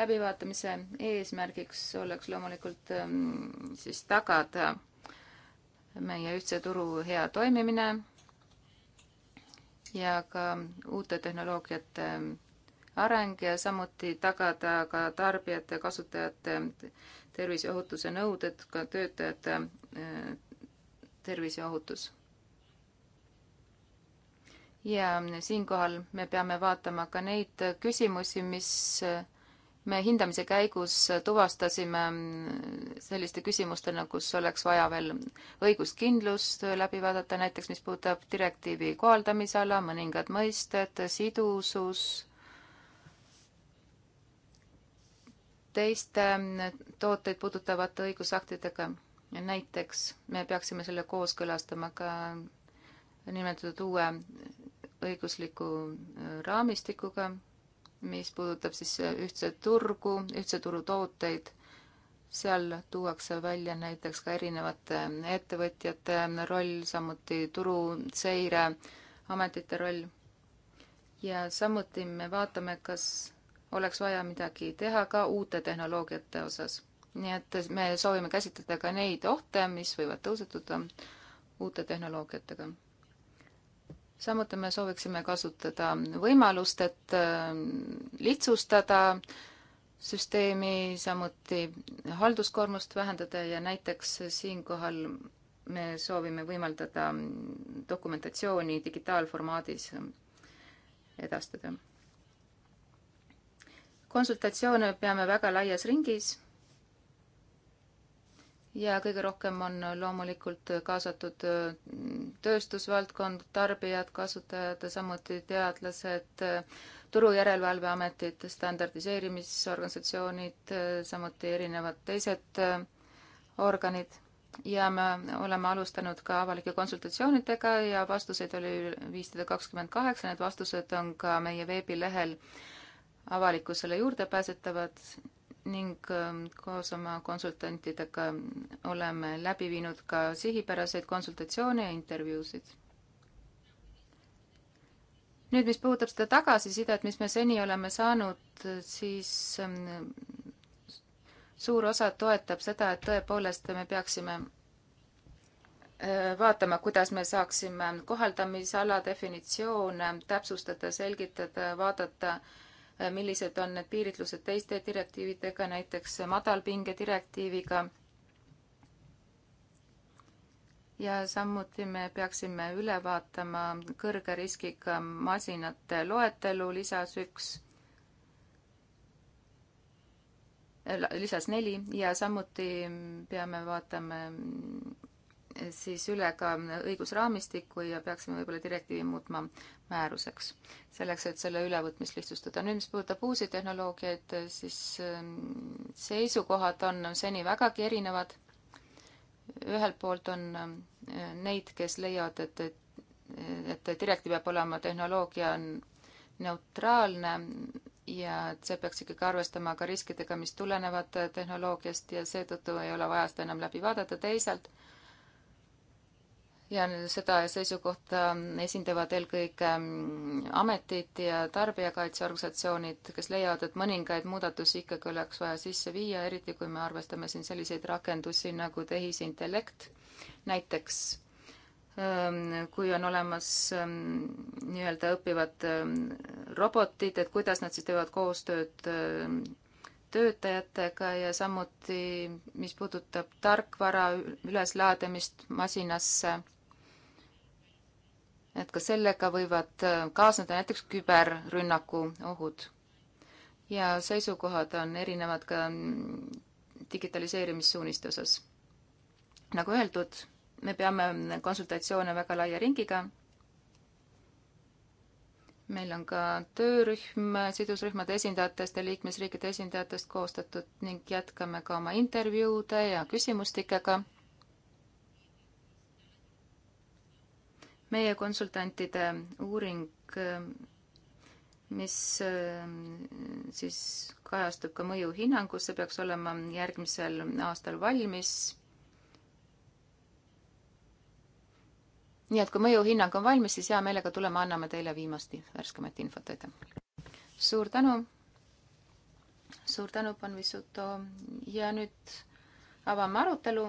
läbivaatamise eesmärgiks oleks loomulikult ähm, siis tagada meie ühtse turu hea toimimine ja ka uute tehnoloogiate ähm, areng ja samuti tagada ka tarbijate, kasutajate terviseohutuse nõuded, ka töötajate äh, terviseohutus. ja siinkohal me peame vaatama ka neid küsimusi, mis äh, me hindamise käigus tuvastasime selliste küsimustena, kus oleks vaja veel õiguskindlus läbi vaadata, näiteks mis puudutab direktiivi kohaldamisala, mõningad mõisted, sidusus, teiste tooteid puudutavate õigusaktidega. näiteks me peaksime selle kooskõlastama ka nimetatud uue õigusliku raamistikuga mis puudutab siis äh, ühtset turgu, ühtse turu tooteid. seal tuuakse välja näiteks ka erinevate äh, ettevõtjate äh, roll, samuti turuseire ametite roll. ja samuti me vaatame, kas oleks vaja midagi teha ka uute tehnoloogiate osas. nii et me soovime käsitleda ka neid ohte, mis võivad tõusetuda uute tehnoloogiatega samuti me sooviksime kasutada võimalust, et äh, lihtsustada süsteemi, samuti halduskoormust vähendada ja näiteks siinkohal me soovime võimaldada dokumentatsiooni digitaalformaadis edastada. konsultatsioone peame väga laias ringis ja kõige rohkem on loomulikult kaasatud mm, tööstusvaldkond, tarbijad, kasutajad, samuti teadlased, turujärelevalveametid, standardiseerimisorganisatsioonid, samuti erinevad teised äh, organid ja me oleme alustanud ka avalike konsultatsioonidega ja vastuseid oli viissada kakskümmend kaheksa, need vastused on ka meie veebilehel avalikkusele juurdepääsetavad ning ähm, koos oma konsultantidega oleme läbi viinud ka sihipäraseid konsultatsioone ja intervjuusid. nüüd, mis puudutab seda tagasisidet, mis me seni oleme saanud, siis ähm, suur osa toetab seda, et tõepoolest me peaksime äh, vaatama, kuidas me saaksime kohaldamisala definitsioone täpsustada, selgitada, vaadata, Äh, millised on need piiritlused teiste direktiividega, näiteks madalpinge direktiiviga. ja samuti me peaksime üle vaatama kõrge riskiga masinate loetelu lisas üks, lisas neli ja samuti peame vaatama siis üle ka õigusraamistikku ja peaksime võib-olla direktiivi muutma määruseks, selleks, et selle ülevõtmist lihtsustada. nüüd, mis puudutab uusi tehnoloogiaid, siis ähm, seisukohad on seni vägagi erinevad. ühelt poolt on äh, neid, kes leiavad, et, et, et direktiiv peab olema tehnoloogia neutraalne ja et see peaks ikkagi arvestama ka riskidega, mis tulenevad tehnoloogiast ja seetõttu ei ole vaja seda enam läbi vaadata. teisalt ja seda seisukohta ähm, esindavad eelkõige ähm, ametid ja tarbijakaitseorganisatsioonid, kes leiavad, et mõningaid muudatusi ikkagi oleks vaja sisse viia, eriti kui me arvestame siin selliseid rakendusi nagu tehisintellekt, näiteks ähm, kui on olemas nii-öelda õppivad robotid, et kuidas nad siis teevad koostööd töötajatega ja samuti, mis puudutab tarkvara üleslaadimist masinasse et ka sellega võivad äh, kaasneda näiteks küberrünnaku ohud. ja seisukohad on erinevad ka mm, digitaliseerimissuuniste osas. nagu öeldud, me peame konsultatsioone väga laia ringiga. meil on ka töörühm sidusrühmade esindajatest ja liikmesriikide esindajatest koostatud ning jätkame ka oma intervjuude ja küsimustikega meie konsultantide uuring, mis siis kajastub ka mõjuhinnangus, see peaks olema järgmisel aastal valmis. nii et kui mõjuhinnang on valmis, siis hea meelega tuleme, anname teile viimast värskemat infot, aitäh. suur tänu. suur tänu, Panvisuto ja nüüd avame arutelu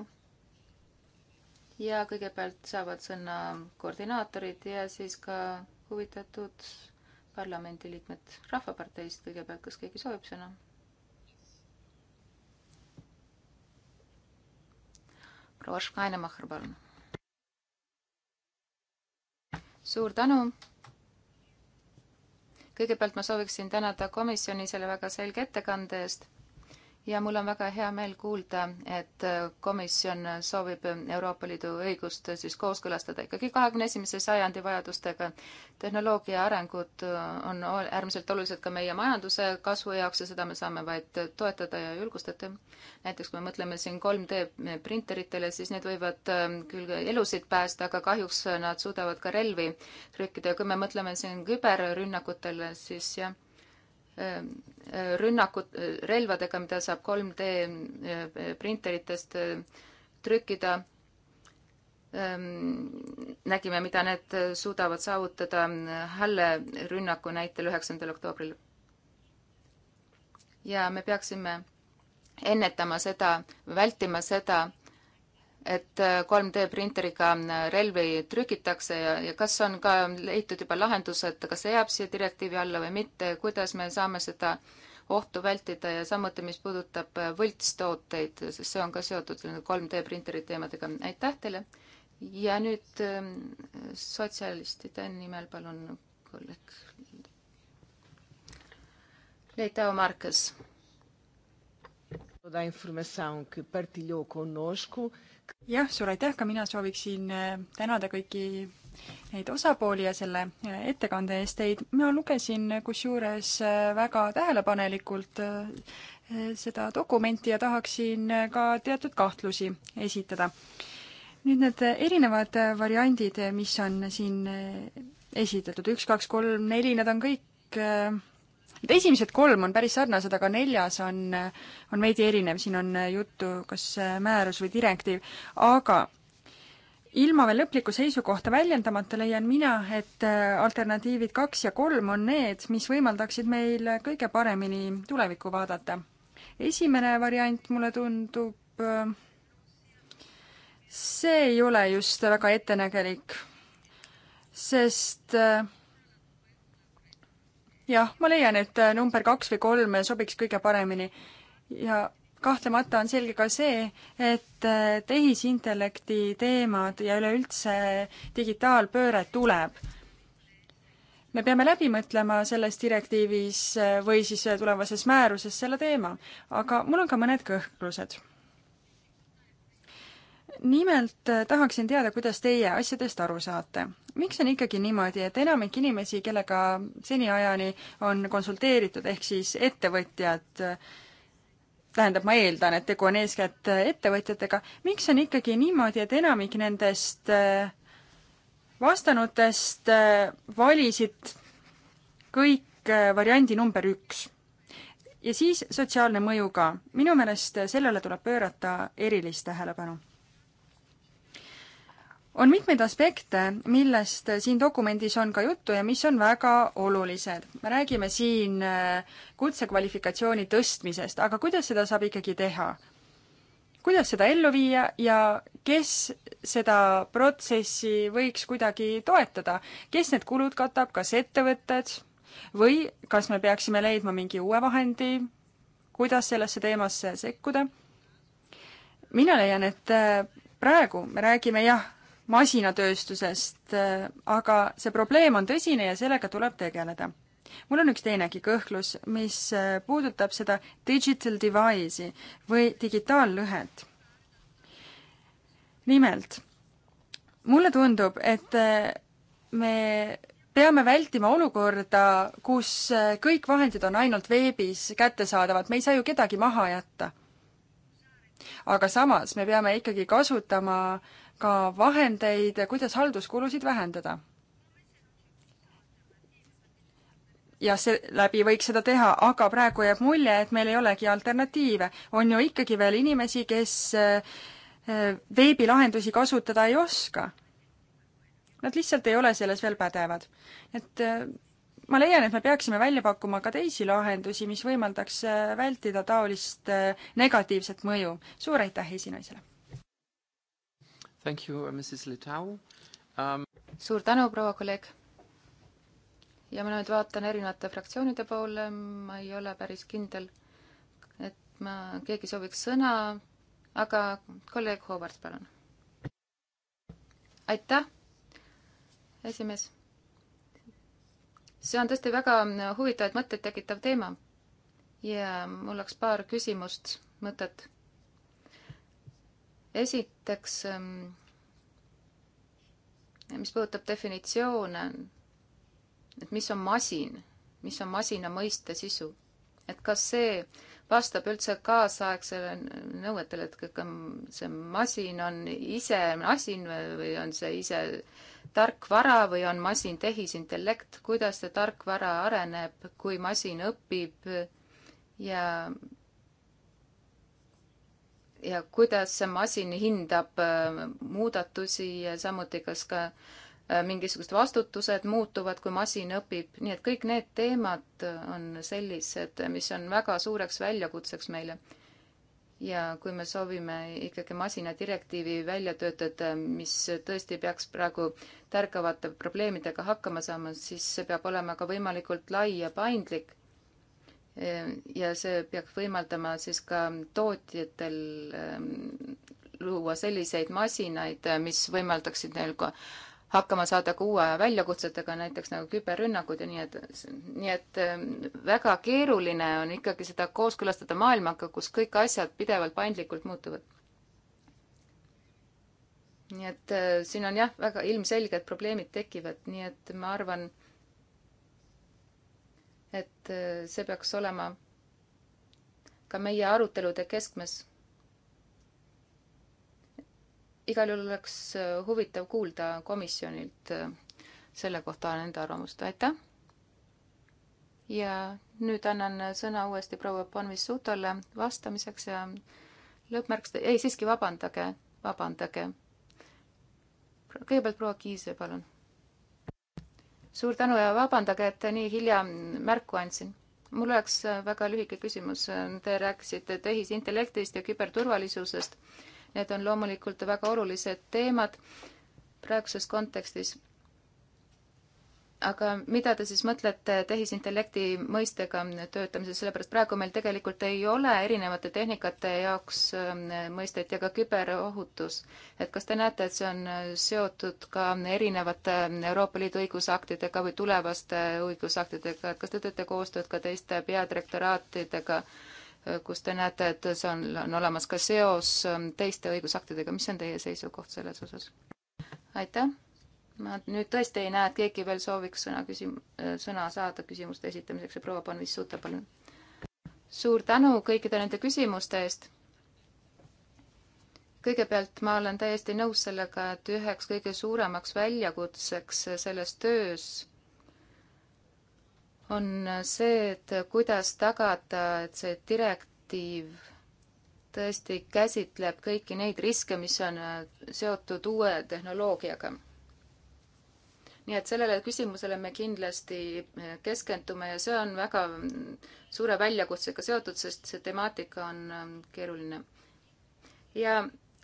ja kõigepealt saavad sõna koordinaatorid ja siis ka huvitatud parlamendiliikmed Rahvaparteist kõigepealt, kas keegi soovib sõna? proua Škainemacher, palun. suur tänu. kõigepealt ma sooviksin tänada komisjoni selle väga selge ettekande eest ja mul on väga hea meel kuulda, et komisjon soovib Euroopa Liidu õigust siis kooskõlastada ikkagi kahekümne esimese sajandi vajadustega. tehnoloogia arengud on äärmiselt olulised ka meie majanduse kasvu jaoks ja seda me saame vaid toetada ja julgustada. näiteks kui me mõtleme siin 3D printeritele, siis need võivad äh, küll elusid päästa, aga kahjuks nad suudavad ka relvi trükkida ja kui me mõtleme siin küberrünnakutele, siis jah Ehm, ehm, rünnakud ehm, relvadega, mida saab 3D printeritest trükkida. nägime, mida need suudavad saavutada Halle rünnaku näitel üheksandal oktoobril. ja me peaksime ennetama seda, vältima seda, et 3D äh, printeriga äh, relvi trükitakse ja, ja kas on ka leitud juba lahendus, et kas see jääb siia direktiivi alla või mitte, kuidas me saame seda ohtu vältida ja samuti, mis puudutab äh, võltstooteid, sest see on ka seotud 3D printeri teemadega. aitäh teile! ja nüüd ähm, sotsialistide nimel palun kolleeg Leitao Marques. Da informação que partilhou conosco jah, suur aitäh, ka mina sooviksin äh, tänada kõiki neid osapooli ja selle äh, ettekande eest teid. mina lugesin äh, kusjuures väga tähelepanelikult seda dokumenti ja tahaksin ka teatud kahtlusi esitada. nüüd need erinevad variandid, mis on siin esitatud, üks, kaks, kolm, neli, need on kõik Need esimesed kolm on päris sarnased, aga neljas on, on veidi erinev, siin on juttu kas äh, määrus või direktiiv, aga ilma veel lõplikku seisukohta väljendamata leian mina, et äh, alternatiivid kaks ja kolm on need, mis võimaldaksid meil kõige paremini tulevikku vaadata. esimene variant mulle tundub, äh, see ei ole just väga ettenägelik, sest äh, jah, ma leian, et äh, number kaks või kolm äh, sobiks kõige paremini ja kahtlemata on selge ka see, et äh, tehisintellekti teemad ja üleüldse digitaalpööre tuleb. me peame läbi mõtlema selles direktiivis või siis tulevases määruses selle teema, aga mul on ka mõned kõhklused nimelt äh, tahaksin teada, kuidas teie asjadest aru saate. miks on ikkagi niimoodi, et enamik inimesi, kellega seniajani on konsulteeritud, ehk siis ettevõtjad, äh, tähendab, ma eeldan, et tegu on eeskätt äh, ettevõtjatega, miks on ikkagi niimoodi, et enamik nendest vastanutest valisid kõik variandi number üks? ja siis sotsiaalne mõju ka. minu meelest sellele tuleb pöörata erilist tähelepanu on mitmeid aspekte, millest siin dokumendis on ka juttu ja mis on väga olulised. me räägime siin äh, kutsekvalifikatsiooni tõstmisest, aga kuidas seda saab ikkagi teha? kuidas seda ellu viia ja kes seda protsessi võiks kuidagi toetada, kes need kulud katab, kas ettevõtted või kas me peaksime leidma mingi uue vahendi, kuidas sellesse teemasse sekkuda? mina leian, et äh, praegu me räägime jah, masinatööstusest, äh, aga see probleem on tõsine ja sellega tuleb tegeleda. mul on üks teinegi kõhklus, mis äh, puudutab seda digital device'i või digitaallõhet. nimelt, mulle tundub, et äh, me peame vältima olukorda, kus kõik vahendid on ainult veebis kättesaadavad, me ei saa ju kedagi maha jätta. aga samas me peame ikkagi kasutama äh, ka vahendeid, kuidas halduskulusid vähendada. ja seeläbi võiks seda teha, aga praegu jääb mulje, et meil ei olegi alternatiive. on ju ikkagi veel inimesi, kes äh, veebilahendusi kasutada ei oska. Nad lihtsalt ei ole selles veel pädevad. et äh, ma leian, et me peaksime välja pakkuma ka teisi lahendusi, mis võimaldaks äh, vältida taolist negatiivset mõju. suur aitäh esinaisele! Thank you, uh, Mrs Litau um.... suur tänu, proua kolleeg. ja ma nüüd vaatan erinevate fraktsioonide poole, ma ei ole päris kindel, et ma, keegi sooviks sõna, aga kolleeg Howard, palun. aitäh, esimees. see on tõesti väga huvitavaid mõtteid tekitav teema ja mul oleks paar küsimust, mõtet esiteks, ähm, mis puudutab definitsioone, et mis on masin, mis on masina mõiste sisu, et kas see vastab üldse kaasaegsele nõuetele, et kõik on, see masin on ise masin või on see ise tarkvara või on masin tehisintellekt, kuidas see tarkvara areneb, kui masin õpib ja ja kuidas see masin hindab äh, muudatusi ja samuti, kas ka äh, mingisugused vastutused muutuvad, kui masin õpib, nii et kõik need teemad on sellised, mis on väga suureks väljakutseks meile. ja kui me soovime ikkagi masinadirektiivi välja töötada, mis tõesti peaks praegu tärkavate probleemidega hakkama saama, siis see peab olema ka võimalikult lai ja paindlik Ehm, ja see peaks võimaldama siis ka tootjatel ehm, luua selliseid masinaid, eh, mis võimaldaksid neil ka hakkama saada ka uue väljakutsetega, näiteks nagu küberrünnakud ja nii edasi. nii et ehm, väga keeruline on ikkagi seda kooskõlastada maailmaga, kus kõik asjad pidevalt paindlikult muutuvad. nii et eh, siin on jah, väga ilmselged probleemid tekivad, nii et ma arvan, et äh, see peaks olema ka meie arutelude keskmes. igal juhul oleks äh, huvitav kuulda komisjonilt äh, selle kohta nende arvamust, aitäh! ja nüüd annan sõna uuesti proua Bonvissutole vastamiseks ja lõppmärkust, ei siiski vabandage, vabandage. kõigepealt proua Kiise, palun suur tänu ja vabandage, et nii hilja märku andsin. mul oleks väga lühike küsimus. Te rääkisite tehisintellektist ja küberturvalisusest. Need on loomulikult väga olulised teemad praeguses kontekstis aga mida te siis mõtlete tehisintellekti mõistega töötamises, sellepärast praegu meil tegelikult ei ole erinevate tehnikate jaoks ähm, mõisteid ja ka küberohutus. et kas te näete, et see on äh, seotud ka erinevate ähm, Euroopa Liidu õigusaktidega või tulevaste õigusaktidega, et kas te teete koostööd ka teiste peadirektoraatidega, äh, kus te näete, et see on, on olemas ka seos ähm, teiste õigusaktidega, mis on teie seisukoht selles osas? aitäh! ma nüüd tõesti ei näe, et keegi veel sooviks sõna küsim-, sõna saada küsimuste esitamiseks ja proua Panvissuta, palun. suur tänu kõikide nende küsimuste eest. kõigepealt ma olen täiesti nõus sellega, et üheks kõige suuremaks väljakutseks selles töös on see, et kuidas tagada, et see direktiiv tõesti käsitleb kõiki neid riske, mis on seotud uue tehnoloogiaga nii et sellele küsimusele me kindlasti eh, keskendume ja see on väga mm, suure väljakutsega seotud, sest see temaatika on mm, keeruline. ja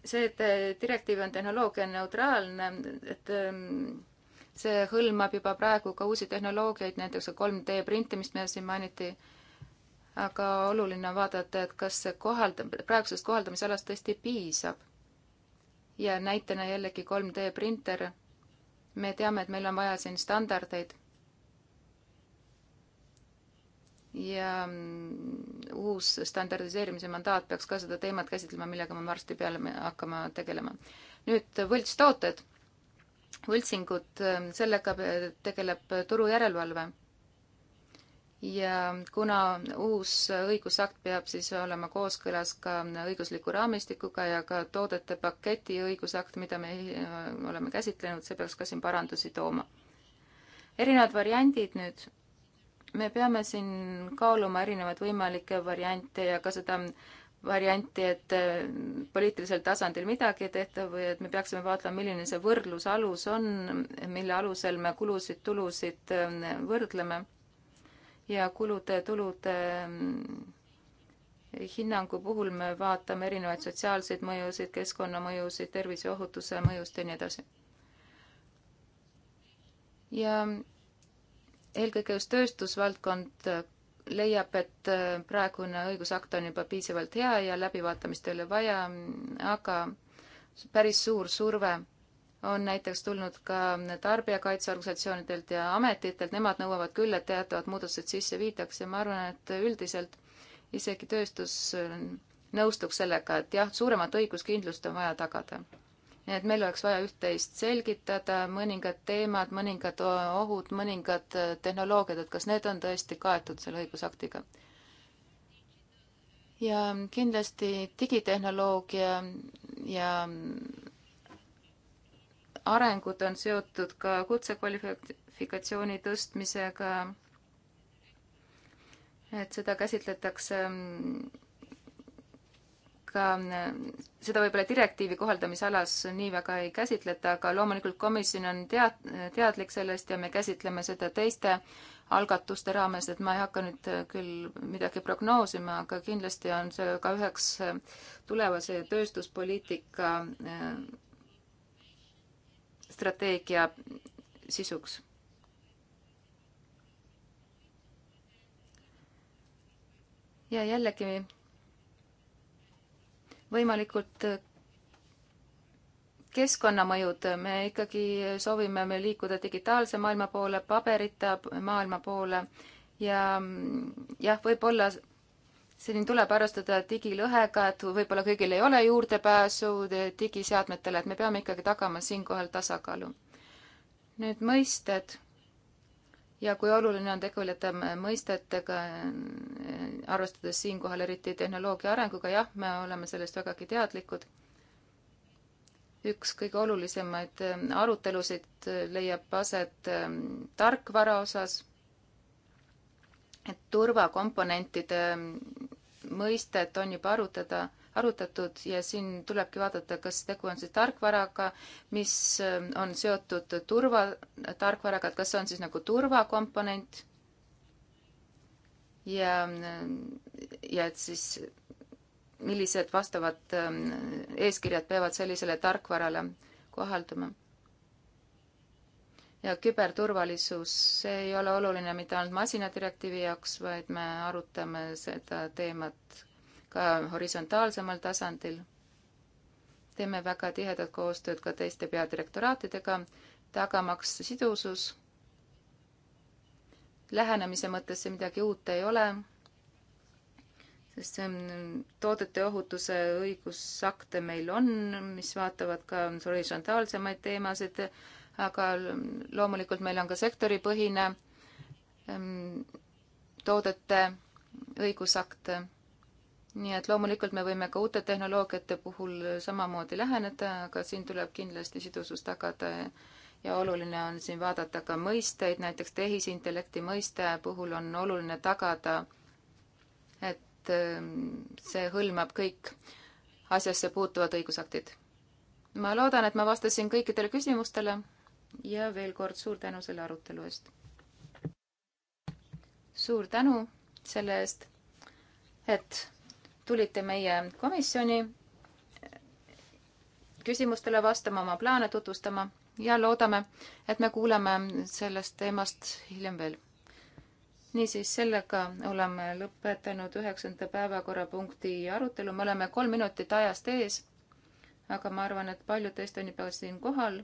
see, et eh, direktiiv on tehnoloogianeutraalne, et mm, see hõlmab juba praegu ka uusi tehnoloogiaid, näiteks 3D printimist, mida siin mainiti, aga oluline on vaadata, et kas see kohaldab, praegusest kohaldamisalast tõesti piisab. ja näitena jällegi 3D printer me teame, et meil on vaja siin standardeid ja mm, uus standardiseerimise mandaat peaks ka seda teemat käsitlema, millega me varsti peale hakkama tegelema. nüüd võltstooted, võltsingud, sellega tegeleb turujärelevalve ja kuna uus õigusakt peab siis olema kooskõlas ka õigusliku raamistikuga ja ka toodete paketi õigusakt, mida me äh, oleme käsitlenud, see peaks ka siin parandusi tooma. erinevad variandid nüüd, me peame siin kaaluma erinevaid võimalikke variante ja ka seda varianti, et äh, poliitilisel tasandil midagi ei tehta või et me peaksime vaatama, milline see võrdlusalus on, mille alusel me kulusid-tulusid äh, võrdleme ja kulude-tulude mm, hinnangu puhul me vaatame erinevaid sotsiaalseid mõjusid, keskkonnamõjusid, terviseohutuse mõjust ja nii edasi. ja eelkõige just tööstusvaldkond leiab, et äh, praegune õigusakt on juba piisavalt hea ja läbivaatamist ei ole vaja, aga päris suur surve on näiteks tulnud ka tarbijakaitseorganisatsioonidelt ja ametitelt, nemad nõuavad küll, et teatavad muudatused sisse viidaks ja ma arvan, et üldiselt isegi tööstus nõustuks sellega, et jah, suuremat õiguskindlust on vaja tagada. nii et meil oleks vaja üht-teist selgitada, mõningad teemad, mõningad ohud, mõningad tehnoloogiad, et kas need on tõesti kaetud selle õigusaktiga. ja kindlasti digitehnoloogia ja arengud on seotud ka kutsekvalifikatsiooni tõstmisega, et seda käsitletakse mm, ka, mm, seda võib-olla direktiivi kohaldamisalas nii väga ei käsitleta, aga loomulikult komisjon on tead-, teadlik sellest ja me käsitleme seda teiste algatuste raames, et ma ei hakka nüüd küll midagi prognoosima, aga kindlasti on see ka üheks tulevase tööstuspoliitika mm, strateegia sisuks. ja jällegi võimalikult keskkonnamõjud, me ikkagi soovime me liikuda digitaalse maailma poole, paberita maailma poole ja jah, võib-olla siin tuleb arvestada digilõhega, et võib-olla kõigil ei ole juurdepääsu digiseadmetele, et me peame ikkagi tagama siinkohal tasakaalu. nüüd mõisted ja kui oluline on tegeleda mõistetega, eh, arvestades siinkohal eriti tehnoloogia arenguga, jah, me oleme sellest vägagi teadlikud. üks kõige olulisemaid eh, arutelusid eh, leiab aset tarkvara osas et turvakomponentide mõistet on juba arutada, arutatud ja siin tulebki vaadata, kas tegu on siis tarkvaraga, mis on seotud turvatarkvaraga, et kas see on siis nagu turvakomponent ja, ja et siis millised vastavad eeskirjad peavad sellisele tarkvarale kohalduma ja küberturvalisus, see ei ole oluline mitte ainult masinadirektiivi jaoks, vaid me arutame seda teemat ka horisontaalsemal tasandil. teeme väga tihedat koostööd ka teiste peadirektoraatidega, tagamaks sidusus. lähenemise mõttes see midagi uut ei ole, sest see on toodete ohutuse õigusakte meil on, mis vaatavad ka horisontaalsemaid teemasid aga loomulikult meil on ka sektoripõhine ehm, toodete õigusakt. nii et loomulikult me võime ka uute tehnoloogiate puhul samamoodi läheneda, aga siin tuleb kindlasti sidusus tagada ja oluline on siin vaadata ka mõisteid, näiteks tehisintellekti mõiste puhul on oluline tagada, et ehm, see hõlmab kõik asjasse puutuvad õigusaktid. ma loodan, et ma vastasin kõikidele küsimustele ja veel kord suur tänu selle arutelu eest. suur tänu selle eest, et tulite meie komisjoni küsimustele vastama, oma plaane tutvustama ja loodame, et me kuuleme sellest teemast hiljem veel. niisiis, sellega oleme lõpetanud üheksanda päevakorrapunkti arutelu, me oleme kolm minutit ajast ees, aga ma arvan, et paljud teist on juba siin kohal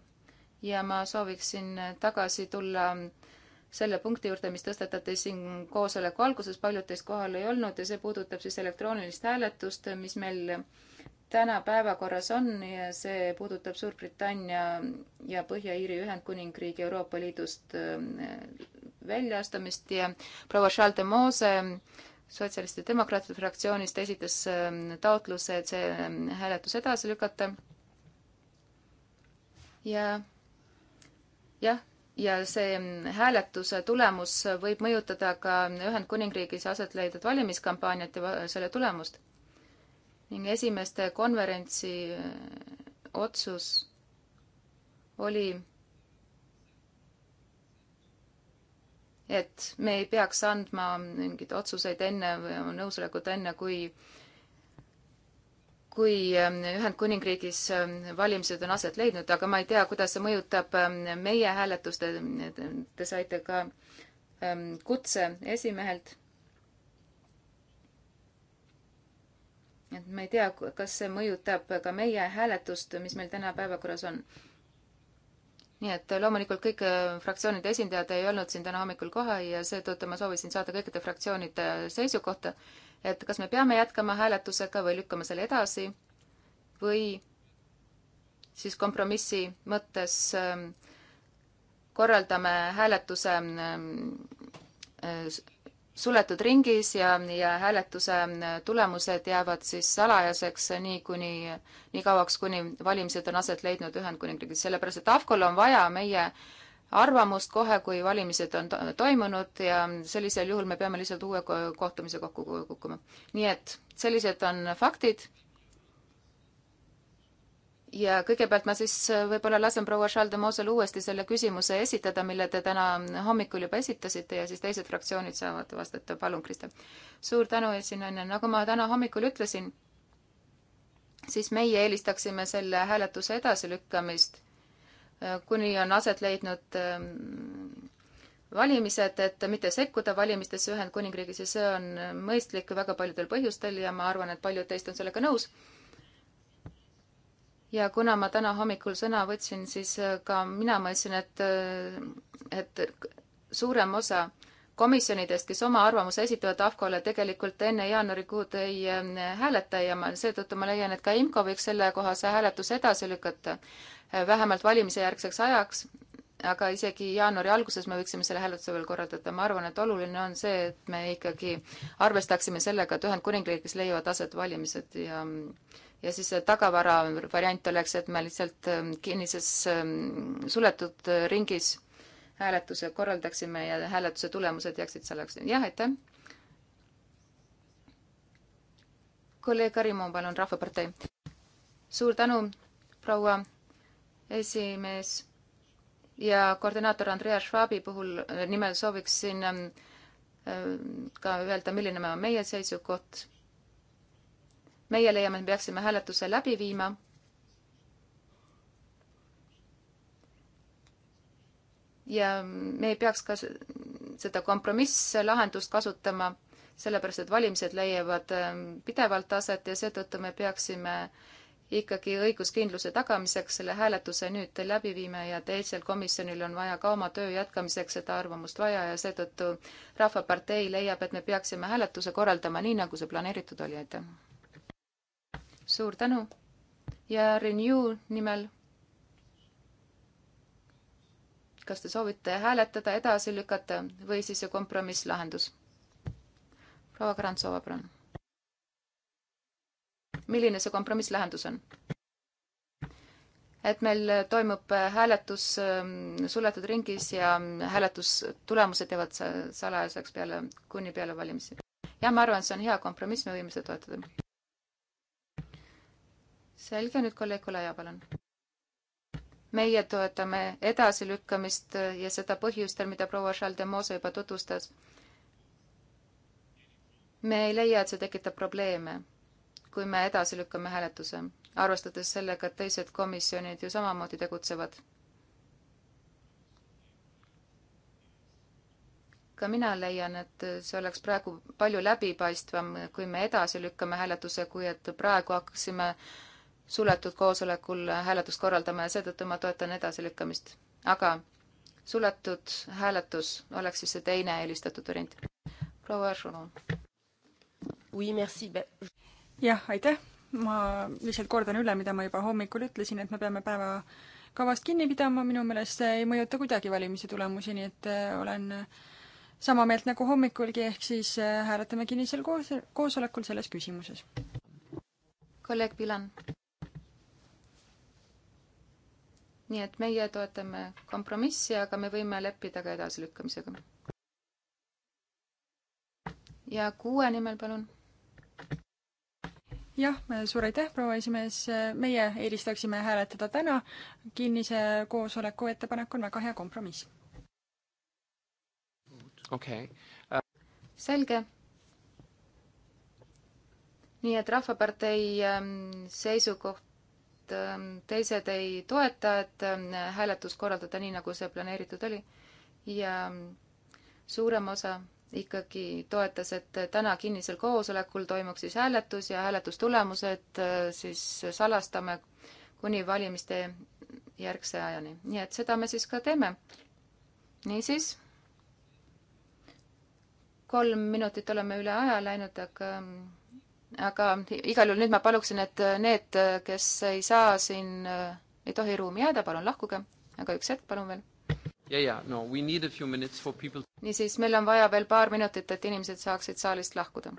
ja ma sooviksin tagasi tulla selle punkti juurde, mis tõstatati siin koosoleku alguses, paljud teist kohal ei olnud ja see puudutab siis elektroonilist hääletust, mis meil täna päevakorras on ja see puudutab Suurbritannia ja Põhja-Iiri Ühendkuningriigi Euroopa Liidust äh, väljaastumist ja proua Charles de Mose sotsialistide demokraatide fraktsioonist esitas ähm, taotluse, et see ähm, hääletus edasi lükata. ja jah, ja see mm, hääletuse tulemus võib mõjutada ka Ühendkuningriigis aset leidnud valimiskampaaniat ja selle tulemust. ning esimeste konverentsi äh, otsus oli, et me ei peaks andma mingeid otsuseid enne või nõusolekut enne, kui äh, kui ähm, Ühendkuningriigis ähm, valimised on aset leidnud, aga ma ei tea, kuidas see mõjutab ähm, meie hääletust. Te saite ka kutse esimehelt. et ma ei tea, kas see mõjutab ka meie hääletust, mis meil täna päevakorras on. nii et loomulikult kõik äh, fraktsioonide esindajad ei olnud siin täna hommikul kohal ja seetõttu ma soovisin saada kõikide fraktsioonide seisukohta et kas me peame jätkama hääletusega või lükkame selle edasi või siis kompromissi mõttes ähm, korraldame hääletuse ähm, äh, suletud ringis ja, ja hääletuse ähm, tulemused jäävad siis salajaseks nii kuni, nii kauaks, kuni valimised on aset leidnud Ühendkuningriigis, sellepärast et AFCO-l on vaja meie äh, arvamust kohe, kui valimised on toimunud ja sellisel juhul me peame lihtsalt uue kohtumise kokku kukkuma. nii et sellised on faktid. ja kõigepealt ma siis võib-olla lasen proua Schaldemosel uuesti selle küsimuse esitada, mille te täna hommikul juba esitasite ja siis teised fraktsioonid saavad vastata. palun, Krista. suur tänu, esinaine. nagu ma täna hommikul ütlesin, siis meie eelistaksime selle hääletuse edasilükkamist kuni on aset leidnud ähm, valimised, et mitte sekkuda valimistesse Ühendkuningriigis ja see on mõistlik väga paljudel põhjustel ja ma arvan, et paljud teist on sellega nõus. ja kuna ma täna hommikul sõna võtsin, siis äh, ka mina mõtlesin, et, äh, et suurem osa äh, komisjonidest, kes oma arvamuse esitavad AFCO-le, tegelikult enne jaanuarikuud ei ähm, hääleta ja ma seetõttu ma leian, et ka IMCO võiks sellekohase hääletuse edasi lükata, äh, vähemalt valimise järgseks ajaks, aga isegi jaanuari alguses me võiksime selle hääletuse veel korraldada, ma arvan, et oluline on see, et me ikkagi arvestaksime sellega, et Ühendkuningriigis leiavad aset valimised ja ja siis tagavara variant oleks, et me lihtsalt ähm, kinnises ähm, suletud äh, ringis hääletuse korraldaksime ja hääletuse tulemused jääksid selleks. jah, aitäh. kolleeg Harimo, palun, Rahvapartei. suur tänu, proua esimees ja koordinaator Andrea Schwabi puhul äh, nimel sooviksin ähm, äh, ka öelda, milline on meie seisukoht. meie leiame, et me peaksime hääletuse läbi viima ja me ei peaks ka seda kompromisslahendust kasutama, sellepärast et valimised leiavad ähm, pidevalt aset ja seetõttu me peaksime ikkagi õiguskindluse tagamiseks selle hääletuse nüüd läbi viima ja teisel komisjonil on vaja ka oma töö jätkamiseks seda arvamust vaja ja seetõttu Rahvapartei leiab, et me peaksime hääletuse korraldama nii, nagu see planeeritud oli, aitäh. suur tänu ja Renew nimel kas te soovite hääletada, edasi lükata või siis see kompromisslahendus? proua Grantsova, palun. milline see kompromisslahendus on? et meil toimub äh, hääletus ähm, suletud ringis ja ähm, hääletustulemused jäävad salajaseks peale, kuni peale valimisi. jah, ma arvan, et see on hea kompromiss, me võime seda toetada. selge, nüüd kolleeg Kulaja, palun meie toetame edasilükkamist ja seda põhjustel, mida proua Schaldemose juba tutvustas. me ei leia, et see tekitab probleeme, kui me edasi lükkame hääletuse, arvestades sellega, et teised komisjonid ju samamoodi tegutsevad. ka mina leian, et see oleks praegu palju läbipaistvam, kui me edasi lükkame hääletuse, kui et praegu hakkaksime äh, suletud koosolekul hääletust korraldama ja seetõttu ma toetan edasilükkamist. aga suletud hääletus oleks siis see teine eelistatud variant. proua Aršunov. jah, aitäh. ma lihtsalt kordan üle, mida ma juba hommikul ütlesin, et me peame päevakavast kinni pidama, minu meelest see ei mõjuta kuidagi valimise tulemusi, nii et äh, olen äh, sama meelt nagu hommikulgi, ehk siis äh, hääletame kinnisel koos, koosolekul selles küsimuses. kolleeg Pilan nii et meie toetame kompromissi, aga me võime leppida ka edasilükkamisega. ja kuue nimel, palun. jah, suur aitäh, proua esimees, meie eelistaksime hääletada täna. kinnise koosoleku ettepanek on väga hea kompromiss. okei okay. uh.... selge nii et Rahvapartei ähm, seisukoht et ähm, teised ei toeta, et ähm, hääletus korraldada nii, nagu see planeeritud oli. ja ähm, suurem osa ikkagi toetas, et täna kinnisel koosolekul toimuks siis hääletus ja hääletustulemused äh, siis salastame kuni valimiste järgse ajani. nii et seda me siis ka teeme. niisiis, kolm minutit oleme üle aja läinud, aga aga igal juhul nüüd ma paluksin, et need, kes ei saa siin, ei tohi ruumi jääda, palun lahkuge, aga üks hetk, palun veel. Yeah, yeah, no we need a few minutes for people. niisiis, meil on vaja veel paar minutit, et inimesed saaksid saalist lahkuda.